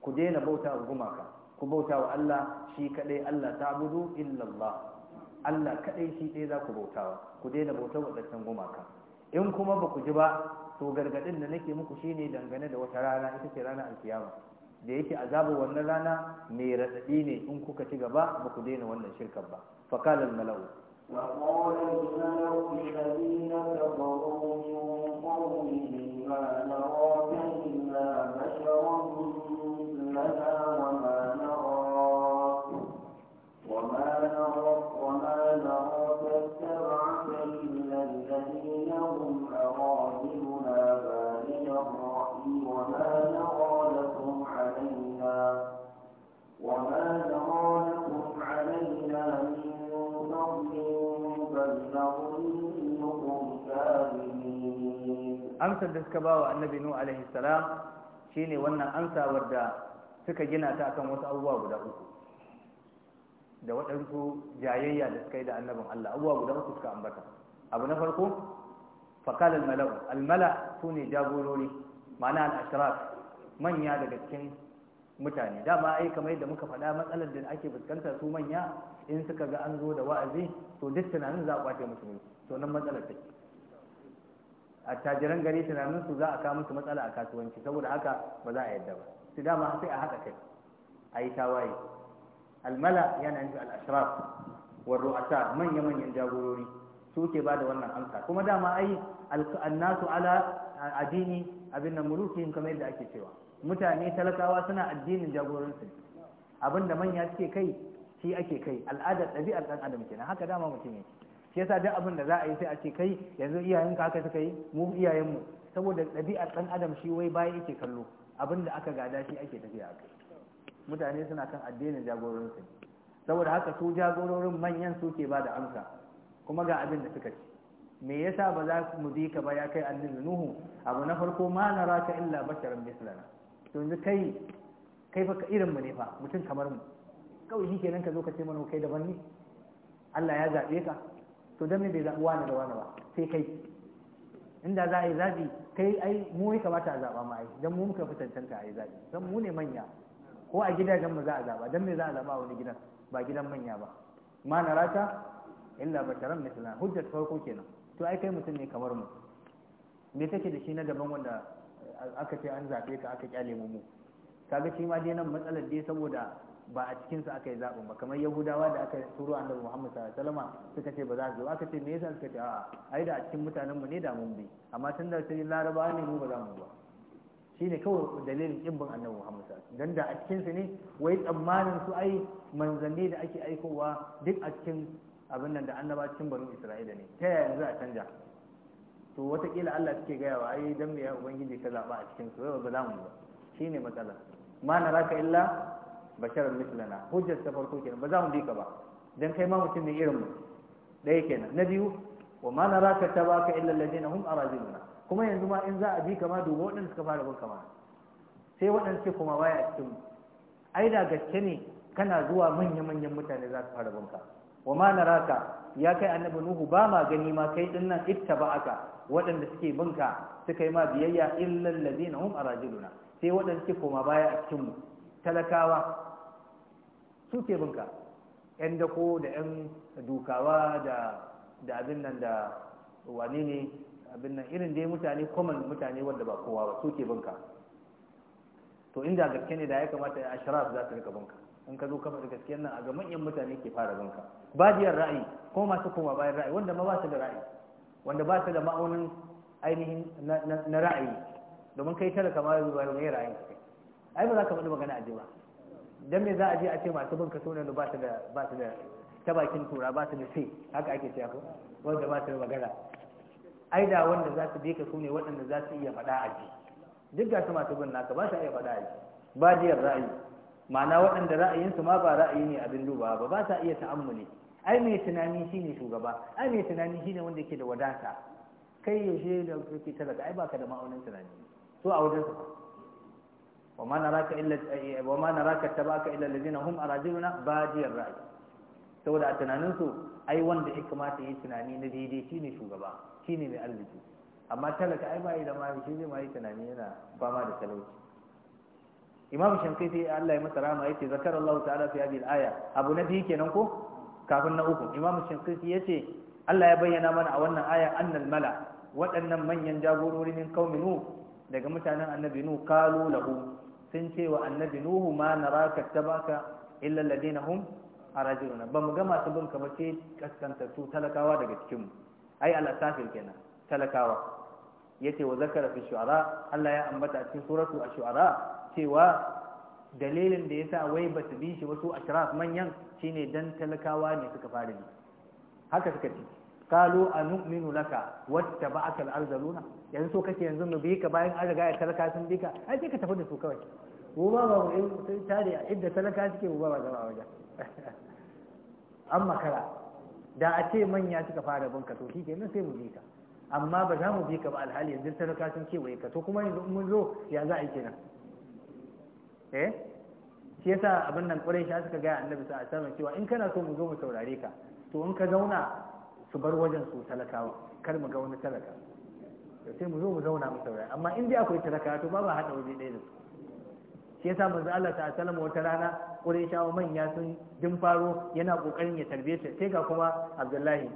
ku daina bauta wa gumaka ku bauta wa Allah shi kadai Allah ta abudu illallah Allah kadai shi sai za ku bautawa ku daina bautar waɗancan gumaka in kuma ba ku ji ba to gargadin da nake muku shine dangane da wata rana ita ce ranar alkiyama da yake azabu wannan rana mai raɗaɗi ne in kuka ci gaba ba ku daina wannan shirkar ba فقال malau وقال الملأ الذين كفروا من قومه ما نراك amsar da suka ba wa annabi nuhu alaihi salam shine wannan ansawar da suka gina ta akan wasu abubuwa guda uku da waɗansu jayayya da suka yi da annabin Allah abubuwa guda uku suka ambata abu na farko fakal al-mala'u al-mala sune jagorori ma'ana al-ashraf manya daga cikin mutane dama ai kamar yadda muka faɗa matsalar da ake fuskanta su manya in suka ga an zo da wa'azi to duk tunanin za a kwace musu to nan matsalar take attajiran gari tunanin su za a kawo musu matsala a kasuwanci saboda haka ba za a yadda ba su dama sai a haɗa kai a yi tawaye almala yana nufi al'ashraf war ru'asa manya manyan jagorori su ke ba da wannan amsa kuma dama ai annasu ala addini abin nan mulukihim kamar yadda ake cewa mutane talakawa suna addinin jagoransu abinda manya suke kai shi ake kai al'adar ɗabi'ar ɗan adam kenan haka dama mutum yake shi yasa duk abin da za a yi sai a ce kai yanzu iyayen ka haka suka yi mu iyayen mu saboda ɗabi'ar ɗan adam shi wai baya yake kallo abin da aka gada shi ake tafiya a kai mutane suna kan addinin jagororinsu saboda haka su jagororin manyan suke ba da amsa kuma ga abin da suka ci me yasa ba za mu bi ka ba ya kai annin nuhu abu na farko ma na raka illa basharan mislana to yanzu kai kai fa irin mu ne fa mutum kamar mu kawai shi kenan ka zo ka ce mana kai daban ne Allah ya zaɓe ka to dan me bai zaɓi wani da wani ba sai kai inda za a yi zaɓi kai ai mu ya kamata a zaɓa ma ai dan mu muka fi cancanta a yi zaɓi dan mu ne manya ko a gidajen mu za a zaɓa dan me za a zaɓa wani gidan ba gidan manya ba ma na rata illa basharan mislan hujjar farko kenan to ai kai mutum ne kamar mu me take da shi na daban wanda aka ce an zaɓe ka aka kyale mu mu kaga shi ma dai nan matsalar dai saboda ba a cikin su aka yi zaɓin ba kamar yahudawa da aka turo annabi muhammad sallallahu alaihi wasallam suka ce ba za su aka ce me yasa suka ce a'a ai da a cikin mutanen mu ne da mun bi amma tun da sai laraba ne mu ba za mu ba shine kawai dalilin kin annabi muhammad sallallahu alaihi wasallam dan da a cikin su ne wai tsammanin su ai manzanni da ake aikowa duk a cikin abin nan da annaba cikin banu isra'ila ne ta yaya yanzu a canja to watakila Allah suke gaya wa ai dan me ya ubangiji ka zaba a cikin su ba za mu ba shine matsala ma naraka illa basharar mislana hujjar ta farko kenan ba za mu bi ka ba dan kai ma mutum ne irin mu ɗaya kenan na biyu wa ma naraka tabaka illa alladhina hum araziluna kuma yanzu ma in za a bi ma dubo waɗanda suka fara bin ma sai waɗanda kuma baya a cikin ai da gaske ne kana zuwa manya manyan mutane za su fara bin wa ma naraka ya kai annabi nuhu ba ma gani ma kai din nan ittaba'aka waɗanda suke bin suka yi ma biyayya illa alladhina hum araziluna sai waɗanda suke koma baya a cikin mu talakawa su ke binka yan dako da yan dukawa da abin nan da wane ne abin nan irin dai mutane common mutane wanda ba kowa ba su ke binka to inda gaske ne da ya kamata ya ashraf za su rika binka in ka zo ka faɗi gaskiyar nan a ga manyan mutane ke fara binka diyar ra'ayi ko masu koma bayan ra'ayi wanda ma ba su da ra'ayi wanda ba su da ma'aunin ainihin na ra'ayi domin kai tara kamar zuwa bayan mai ra'ayin ai ba za ka faɗi magana a ba dan me za a je a ce masu bin kaso ne ba su da ba su da ta bakin tura ba su da sai haka ake cewa ko wanda ba su da magana ai da wanda za su bi kaso ne waɗanda za su iya faɗa a ji duk ga su masu bin naka ba su iya faɗa a ji ba jiyar ra'ayi ma'ana waɗanda ra'ayinsu ma ba ra'ayi ne abin dubawa ba ba sa iya ta'ammuli ai mai tunani shine shugaba ai mai tunani shine wanda yake da wadata kai yaushe da kake talaka ai baka da ma'aunin tunani so a wajen sa وما نراك إلا وما نراك اتبعك إلا الذين هم أراجلنا بادي الرأي saboda a tunaninsu ai wanda ya kamata yi tunani na daidai shine shugaba shine mai arziki amma talaka ai ba yi da shi zai ma yi tunani yana fama da talauci imam shankiti Allah ya masa rama yace zakarallahu ta'ala fi hadhihi al-aya abu na biyu kenan ko kafin na uku imam shankiti yace Allah ya bayyana mana a wannan aya annal mala waɗannan manyan jagorori min daga mutanen annabi nu qalu sun ce wa annabi nuhu ma naraka tabaka illa na hum rajiruna ba mu ga masu bin kamar ba sai kaskantattu talakawa daga cikinmu. ai al kenan talakawa Ya ce wa zakara fi shu'ara Allah ya ambata cikin suratu a shuara cewa dalilin da ya sa wai ba su bi shi wasu ashraf manyan shine dan talakawa ne suka fara bi haka suka ce kalu a nu'minu laka wacce ba aka al'arzaluna yanzu so kake yanzu mu bi ka bayan an riga ya talaka sun bi ka ai ka tafi da su kawai mu ba ba mu sun tare a inda talaka ke mu ba ba zama wajen an makara da a ce manya suka fara bin ka to shi kenan sai mu bi ka amma ba za mu bi ka ba alhali yanzu talaka sun kewaye ka to kuma yanzu mun zo ya za a yi kenan eh shi yasa abin nan ƙurai sha suka gaya annabi sa a cewa in kana so mu zo mu saurare ka to in ka zauna su bar wajen su talakawa kar mu ga wani talaka to sai mu zo mu zauna mu saurayi amma in dai akwai talakawa to ba ba hada waje ɗaya da su shi yasa manzo Allah ta sallama wata rana Qurayshawa manya sun din faro yana kokarin ya tarbiye ta sai ga kuma Abdullahi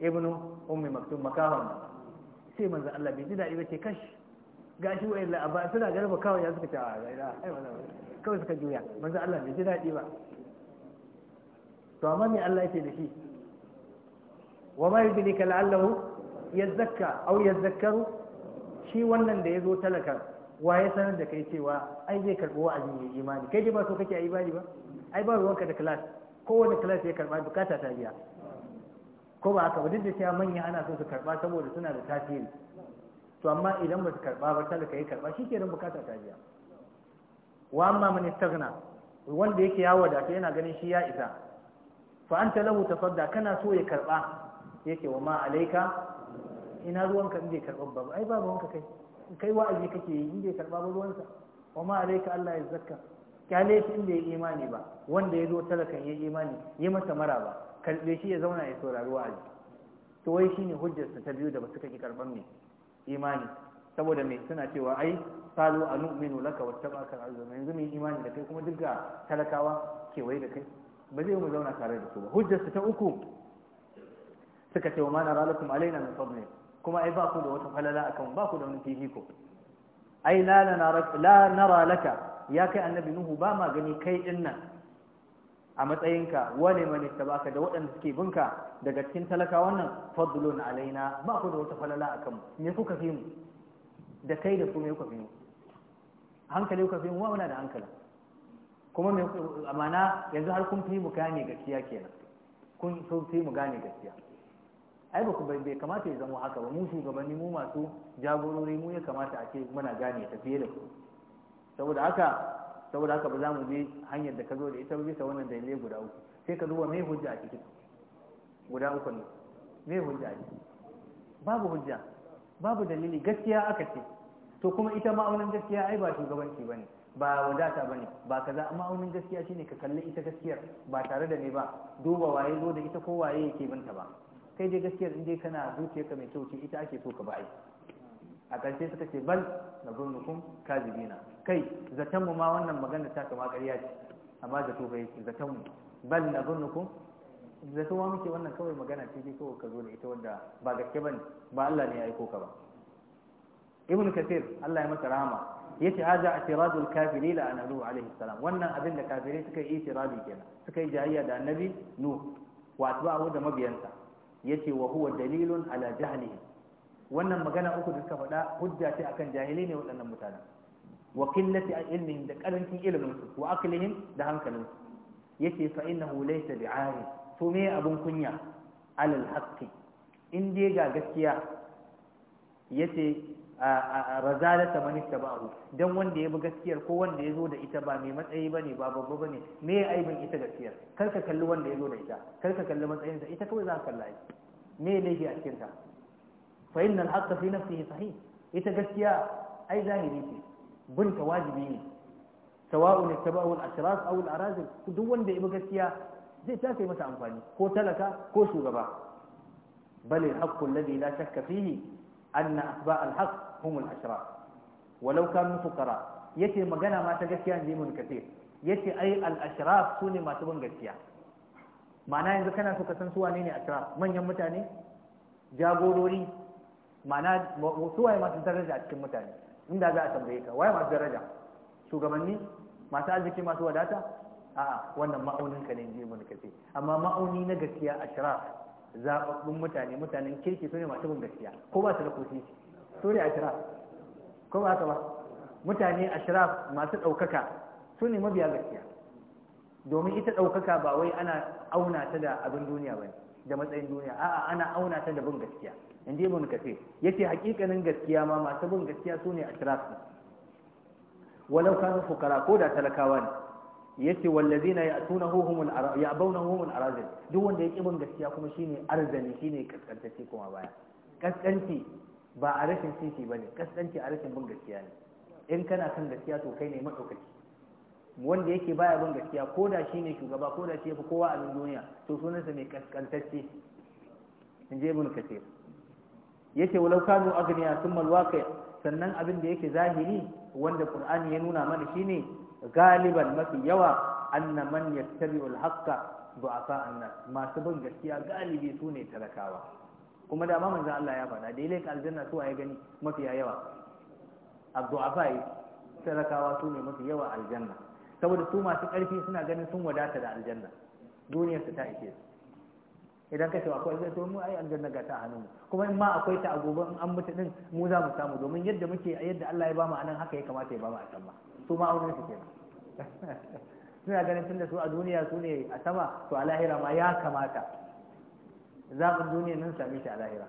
ibn Ummi Maktum makawan sai manzo Allah bai ji dadi ba ce kash gashi wa illa abba suna garba kawai ya suka ta ai kawai suka juya manzo Allah bai ji dadi ba to amma me Allah yake da shi وما يدريك لعله يزكى أو يذكر shi wannan da ya zo talaka wa ya sanar da kai cewa ai zai karɓi wa'azi mai imani kai je ba so kake a ba ai ba ruwanka da class kowane class ya karɓa bukata ta biya ko ba haka ba duk da cewa manya ana so su karɓa saboda suna da tasiri to amma idan ba su karɓa ba talaka ya karɓa shi kenan bukata ta biya wa amma man istaghna wanda yake ya wadata yana ganin shi ya isa fa anta lahu tafadda kana so ya karɓa yake wa ma alaika ina ruwanka inda ya karɓa ba ai ba wanka kai kai wa'azi kake yi in ya karɓa ba ruwansa wa ma alaika Allah ya zakka kyale shi in ya yi imani ba wanda ya zo talakan ya imani ya masa mara ba karɓe shi ya zauna ya saurari wa'azi to wai shine hujjarsa ta biyu da ba suka ki karɓar ne imani saboda me suna cewa ai qalu anu'minu laka wattaba'aka al-arzuna yanzu mu imani da kai kuma duk ga talakawa kewaye da kai ba zai mu zauna tare da su ba hujjarsa ta uku suka ce wa mana ralakum alaina min fadlin kuma ai ba ku da wata falala akan ba ku da wani fifiko ai la la nara laka ya kai annabi nuhu ba ma gani kai din nan a matsayinka wale mani tabaka da waɗanda suke binka daga cikin talaka wannan fadlun alaina ba ku da wata falala akan mu me kuka fi mu da kai da su me kuka fi mu hankali kuka fi mu wa muna da hankali kuma me amana yanzu har kun fi mu gane gaskiya kenan kun fi mu gane gaskiya ai ba bai kamata ya zama haka ba mu shugabanni mu masu jagorori mu ya kamata a ce muna gane ta fiye da ku saboda haka saboda haka ba za mu bi hanyar da ka zo da ita ba bisa wannan dalilai guda uku sai ka duba mai hujja a ciki guda uku ne mai hujja a ciki babu hujja babu dalili gaskiya aka ce to kuma ita ma'aunin gaskiya ai ba shugabanci ne ba wadata ne ba kaza amma ma'aunin gaskiya shine ka kalli ita gaskiyar ba tare da ne ba duba waye zo da ita ko waye yake binta ba kai dai gaskiyar in dai kana ka mai kyau ce ita ake so ka ba a ƙarshe suka ce bal na zunnukum kazibina kai zaton mu ma wannan magana ta kama ƙarya ce amma zato bai zaton mu bal na zunnukum zato ma muke wannan kawai magana ce dai kawai ka zo da ita wanda ba gaske bane ba Allah ne ya aiko ka ba ibn kathir Allah ya masa rahama yace hada atiradul kafirin la anhu alaihi salam wannan abin da kafirai suka yi itirabi kenan suka yi jayayya da annabi nu wa atba'u da mabiyansa yace wa huwa dalilun ala jahlihi wannan magana uku da suka faɗa hujja ce akan jahili ne waɗannan mutane wa qillati ilmihim da karancin ilimin su wa da hankalin su yace fa innahu laysa bi'ari to me abun kunya alal haqqi in dai ga gaskiya yace razalata man ittaba'u don wanda ya bi gaskiyar ko wanda ya zo da ita ba mai matsayi ba ne ba babba ba ne me ya aibin ita gaskiyar kar ka kalli wanda ya zo da ita kar ka kalli matsayinsa ita kawai za ka kalla me ne shi a cikin ta fa innal haqqa fi nafsihi sahih ita gaskiya ai zahiri ce binta wajibi ne sawa'un ittaba'u al-ashras aw al-arazil duk wanda ya bi gaskiya zai tafi masa amfani ko talaka ko shugaba bal al-haqqu alladhi la shakka fihi anna asba' al-haqq humul ashrar walau kanu fuqara yace magana ma ta gaskiya ne mun kace yace ai al ashraf sune masu bin gaskiya mana yanzu kana so ka san su wane ne ashraf manyan mutane jagorori ma'ana su waye masu daraja a cikin mutane inda za a tambaye ka waye masu daraja shugabanni masu arziki masu wadata a'a wannan ma'aunin ka ne je mun kace amma ma'auni na gaskiya ashraf zababbun mutane mutanen kirki ne masu bin gaskiya ko ba su da kusanci su ne ashraf ko ba haka ba mutane ashraf masu ɗaukaka su ne mabiya gaskiya domin ita ɗaukaka ba wai ana auna ta da abin duniya ba da matsayin duniya a'a ana auna ta da bin gaskiya in ji ce ya yace hakikanin gaskiya ma masu bin gaskiya su ne ashraf walau kanu fukara ko da talakawa ne yace wallazi na ya bauna humul arazil duk wanda ya bin gaskiya kuma shine arzani shine kaskantacce kuma baya kaskanci ba a rashin titi ba ne kasance a rashin bin gaskiya ne in kana kan gaskiya to kai ne maɗaukaki wanda yake baya bin gaskiya ko da shi ne shugaba ko da shi ya fi kowa a duniya to sunansa mai kaskantacce in je kace. Ya yace walau kanu agniya sun alwaqi sannan abin da yake zahiri wanda qur'ani ya nuna mana shi ne galiban mafi yawa anna man yattabi'u alhaqqa du'afa annas masu bin gaskiya galibi su ne talakawa kuma da mamman manzon Allah ya faɗa da ilaika aljanna su ayi gani mafi yawa abdu'afai sarakawa su ne mafi yawa aljanna saboda su masu ƙarfi suna ganin sun wadata da aljanna duniyar su ta ishe su idan ka ce akwai zai to mu ai aljanna ga ta hannun kuma in ma akwai ta a gobe in an mutu din mu za mu samu domin yadda muke yadda Allah ya bamu anan haka ya kamata ya bamu a can ma su ma auren su kenan suna ganin tunda su a duniya su ne a sama to a lahira ma ya kamata zaɓin duniya nan sami shi a lahira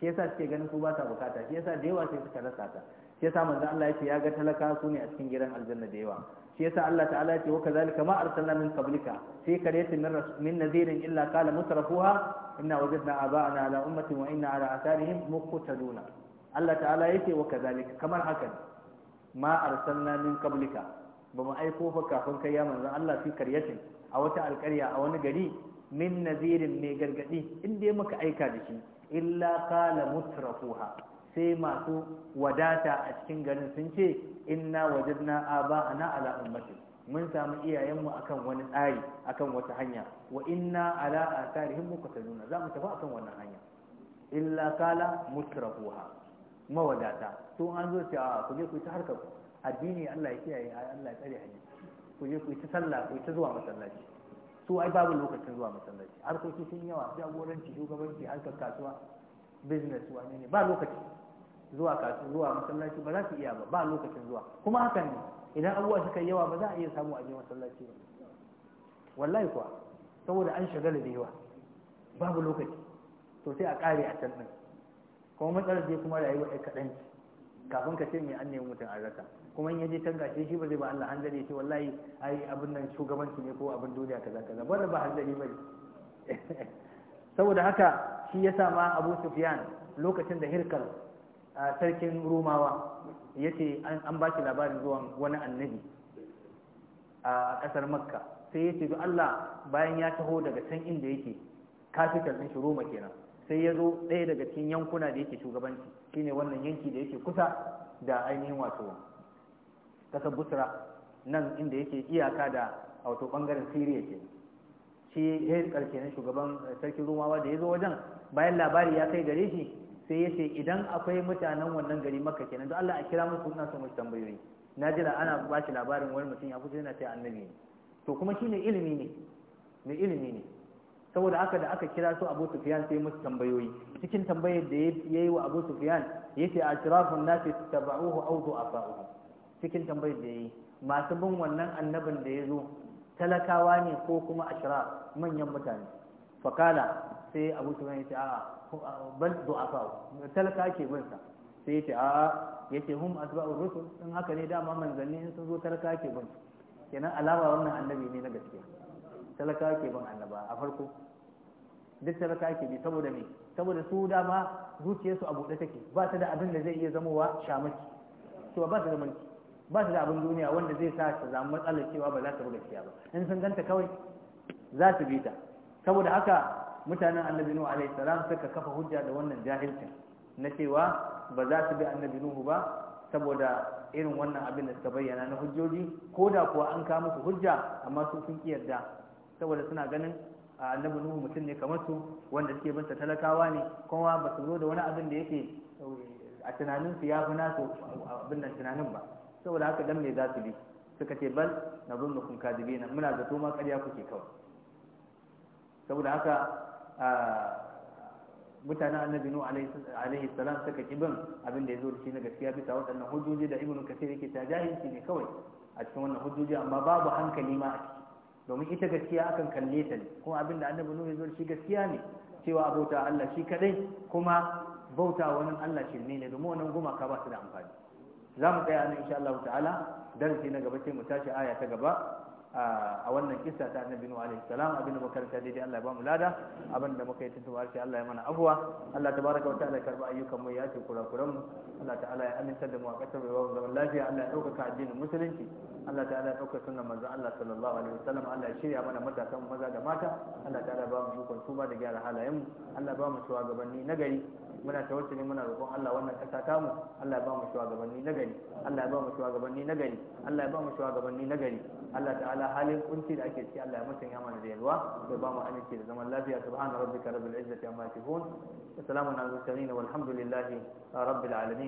shi yasa suke ganin su ba ta bukata shi yasa da yawa sai suka rasa ta shi yasa manzo Allah yake ya ga talaka su ne a cikin gidan aljanna da yawa shi yasa Allah ta'ala yake wa kazalika ma arsalna min qablika fi qaryatin min min nadhirin illa qala mutrafuha inna wajadna aba'ana ala ummatin wa inna ala atharihim muqtaduna Allah ta'ala yake wa kazalika kamar haka ma arsalna min qablika ba mu aiko fa kafin kai ya manzo Allah fi qaryatin a wata alƙarya a wani gari min nazirin mai gargadi inda ya muka aika da shi illa qala mutrafuha sai masu wadata a cikin garin sun ce inna wajadna aba'ana ala ummati mun samu iyayenmu akan wani tsari akan wata hanya wa inna ala atharihim muqtaduna za mu tafi akan wannan hanya illa qala mutrafuha mawadata to an zo ce a ku je ku ta harkar addini Allah ya kiyaye Allah ya tsare hanya ku je ku ta sallah ku ta zuwa masallaci su ai babu lokacin zuwa masallaci harkoki sun yawa jagoranci shugabanci harkar kasuwa business wani ne ba lokaci zuwa kasu zuwa masallaci ba za su iya ba ba lokacin zuwa kuma hakan ne idan abubuwa suka yawa ba za a iya samu a je masallaci ba wallahi kuwa saboda an shagala da yawa babu lokaci to sai a kare a can din kuma matsalar sai kuma rayuwa ai kaɗan kafin ka ce mai an nemi mutum an rasa kuma in ya je can shi ba zai ba Allah hanzari ce wallahi ai abin nan shugabanci ne ko abin duniya kaza kaza ba ba hanzari bane saboda haka shi yasa ma Abu Sufyan lokacin da Hirkal sarkin Rumawa yace an ba shi labarin zuwan wani annabi a kasar Makka sai yace to Allah bayan ya taho daga can inda yake kafitar din shi Roma kenan sai ya zo ɗaya daga cikin yankuna da yake shugabanci shine wannan yanki da yake kusa da ainihin wato kasar busra nan inda yake iyaka da wato bangaren siriya ke shi ya karshe na shugaban eh, sarki rumawa da ya zo wajen bayan labari ya kai gare shi sai ya ce idan akwai mutanen wannan gari maka kenan don allah a kira musu ina son wasu tambayoyi na jira ana ba shi labarin wani mutum ya fito yana ce annabi ne to kuma shine ilimi ne ilimi ne saboda haka da aka kira su Abu Sufyan sai musu tambayoyi cikin tambayar da yayi wa Abu Sufyan yace ashrafun nas tabauhu aw du'afa'uhu cikin tambayar da yayi masu bin wannan annabin da yazo talakawa ne ko kuma shira manyan mutane fakala sai Abu Sufyan yace a'a bal du'afa'u talaka ke bin sa sai yace a yace hum asba'u rusul in haka ne dama manzanni sun zo talaka ke bin kenan alama wannan annabi ne na gaskiya talakawa ke ban annaba a farko duk talakawa ke bi saboda me saboda su dama zuciyarsu a buɗe take ba ta da abin da zai iya zamowa shamaki to ba ta da ba ta da abin duniya wanda zai sa ta zama matsalar cewa ba za ta buga ciya ba in sun ganta kawai za ta bi ta saboda haka mutanen annabi nuhu alaihi salam suka kafa hujja da wannan jahilcin na cewa ba za su bi annabi nuhu ba saboda irin wannan abin da suka bayyana na hujjoji ko da kuwa an kawo musu hujja amma su sun yarda saboda suna ganin annabi nuhu mutum ne kamar su wanda suke binta talakawa ne kuma ba su zo da wani abin da yake a tunanin su ya fi nasu abin nan tunanin ba saboda haka dan me za su bi suka ce bal na zunnu kun na muna zato ma karya kuke kawai saboda haka mutanen annabi nuhu alaihi salam suka ki bin abin da ya zo da shi na gaskiya bisa waɗannan hujjoji da ibnu kasir yake ta jahilci ne kawai a cikin wannan hujjoji amma babu hankali ma a ciki domin ita gaskiya akan kalle ta ne kuma abinda annabi nuhu zuwa shi gaskiya ne cewa abota Allah shi kadai kuma bauta wani Allah shi ne ne domin wannan gumaka ba su da amfani za mu tsaya nan insha Allah ta'ala darasi na gaba sai mu tashi aya ta gaba a wannan kisa ta annabi nuhu alaihi salam abin da makaranta daidai Allah ya ba mu lada abin da muka yi tuntuba shi Allah ya mana abuwa Allah baraka wa ta'ala ya karba ayyukan mu ya ce kurakuran mu Allah ta'ala ya aminta da mu a kasar mai babu zaman lafiya Allah ya ka addinin musulunci Allah ta'ala ya ɗaukaka sunan manzon Allah sallallahu alaihi wasallam Allah ya shirya mana matasan maza da mata Allah ta'ala ya ba mu ikon ba da gyara halayen mu Allah ba mu shugabanni na nagari. muna tawassuli muna roƙon Allah wannan kasa ta mu Allah ya ba mu shugabanni na gari Allah ya ba mu shugabanni na gari Allah ya ba mu shugabanni na gari Allah ta'ala halin kunci da ake ciki Allah ya musanya mana da yalwa ya ba mu aminci da zaman lafiya subhana rabbika rabbil izzati amma yasifun wa salamun alal mursalin rabbil alamin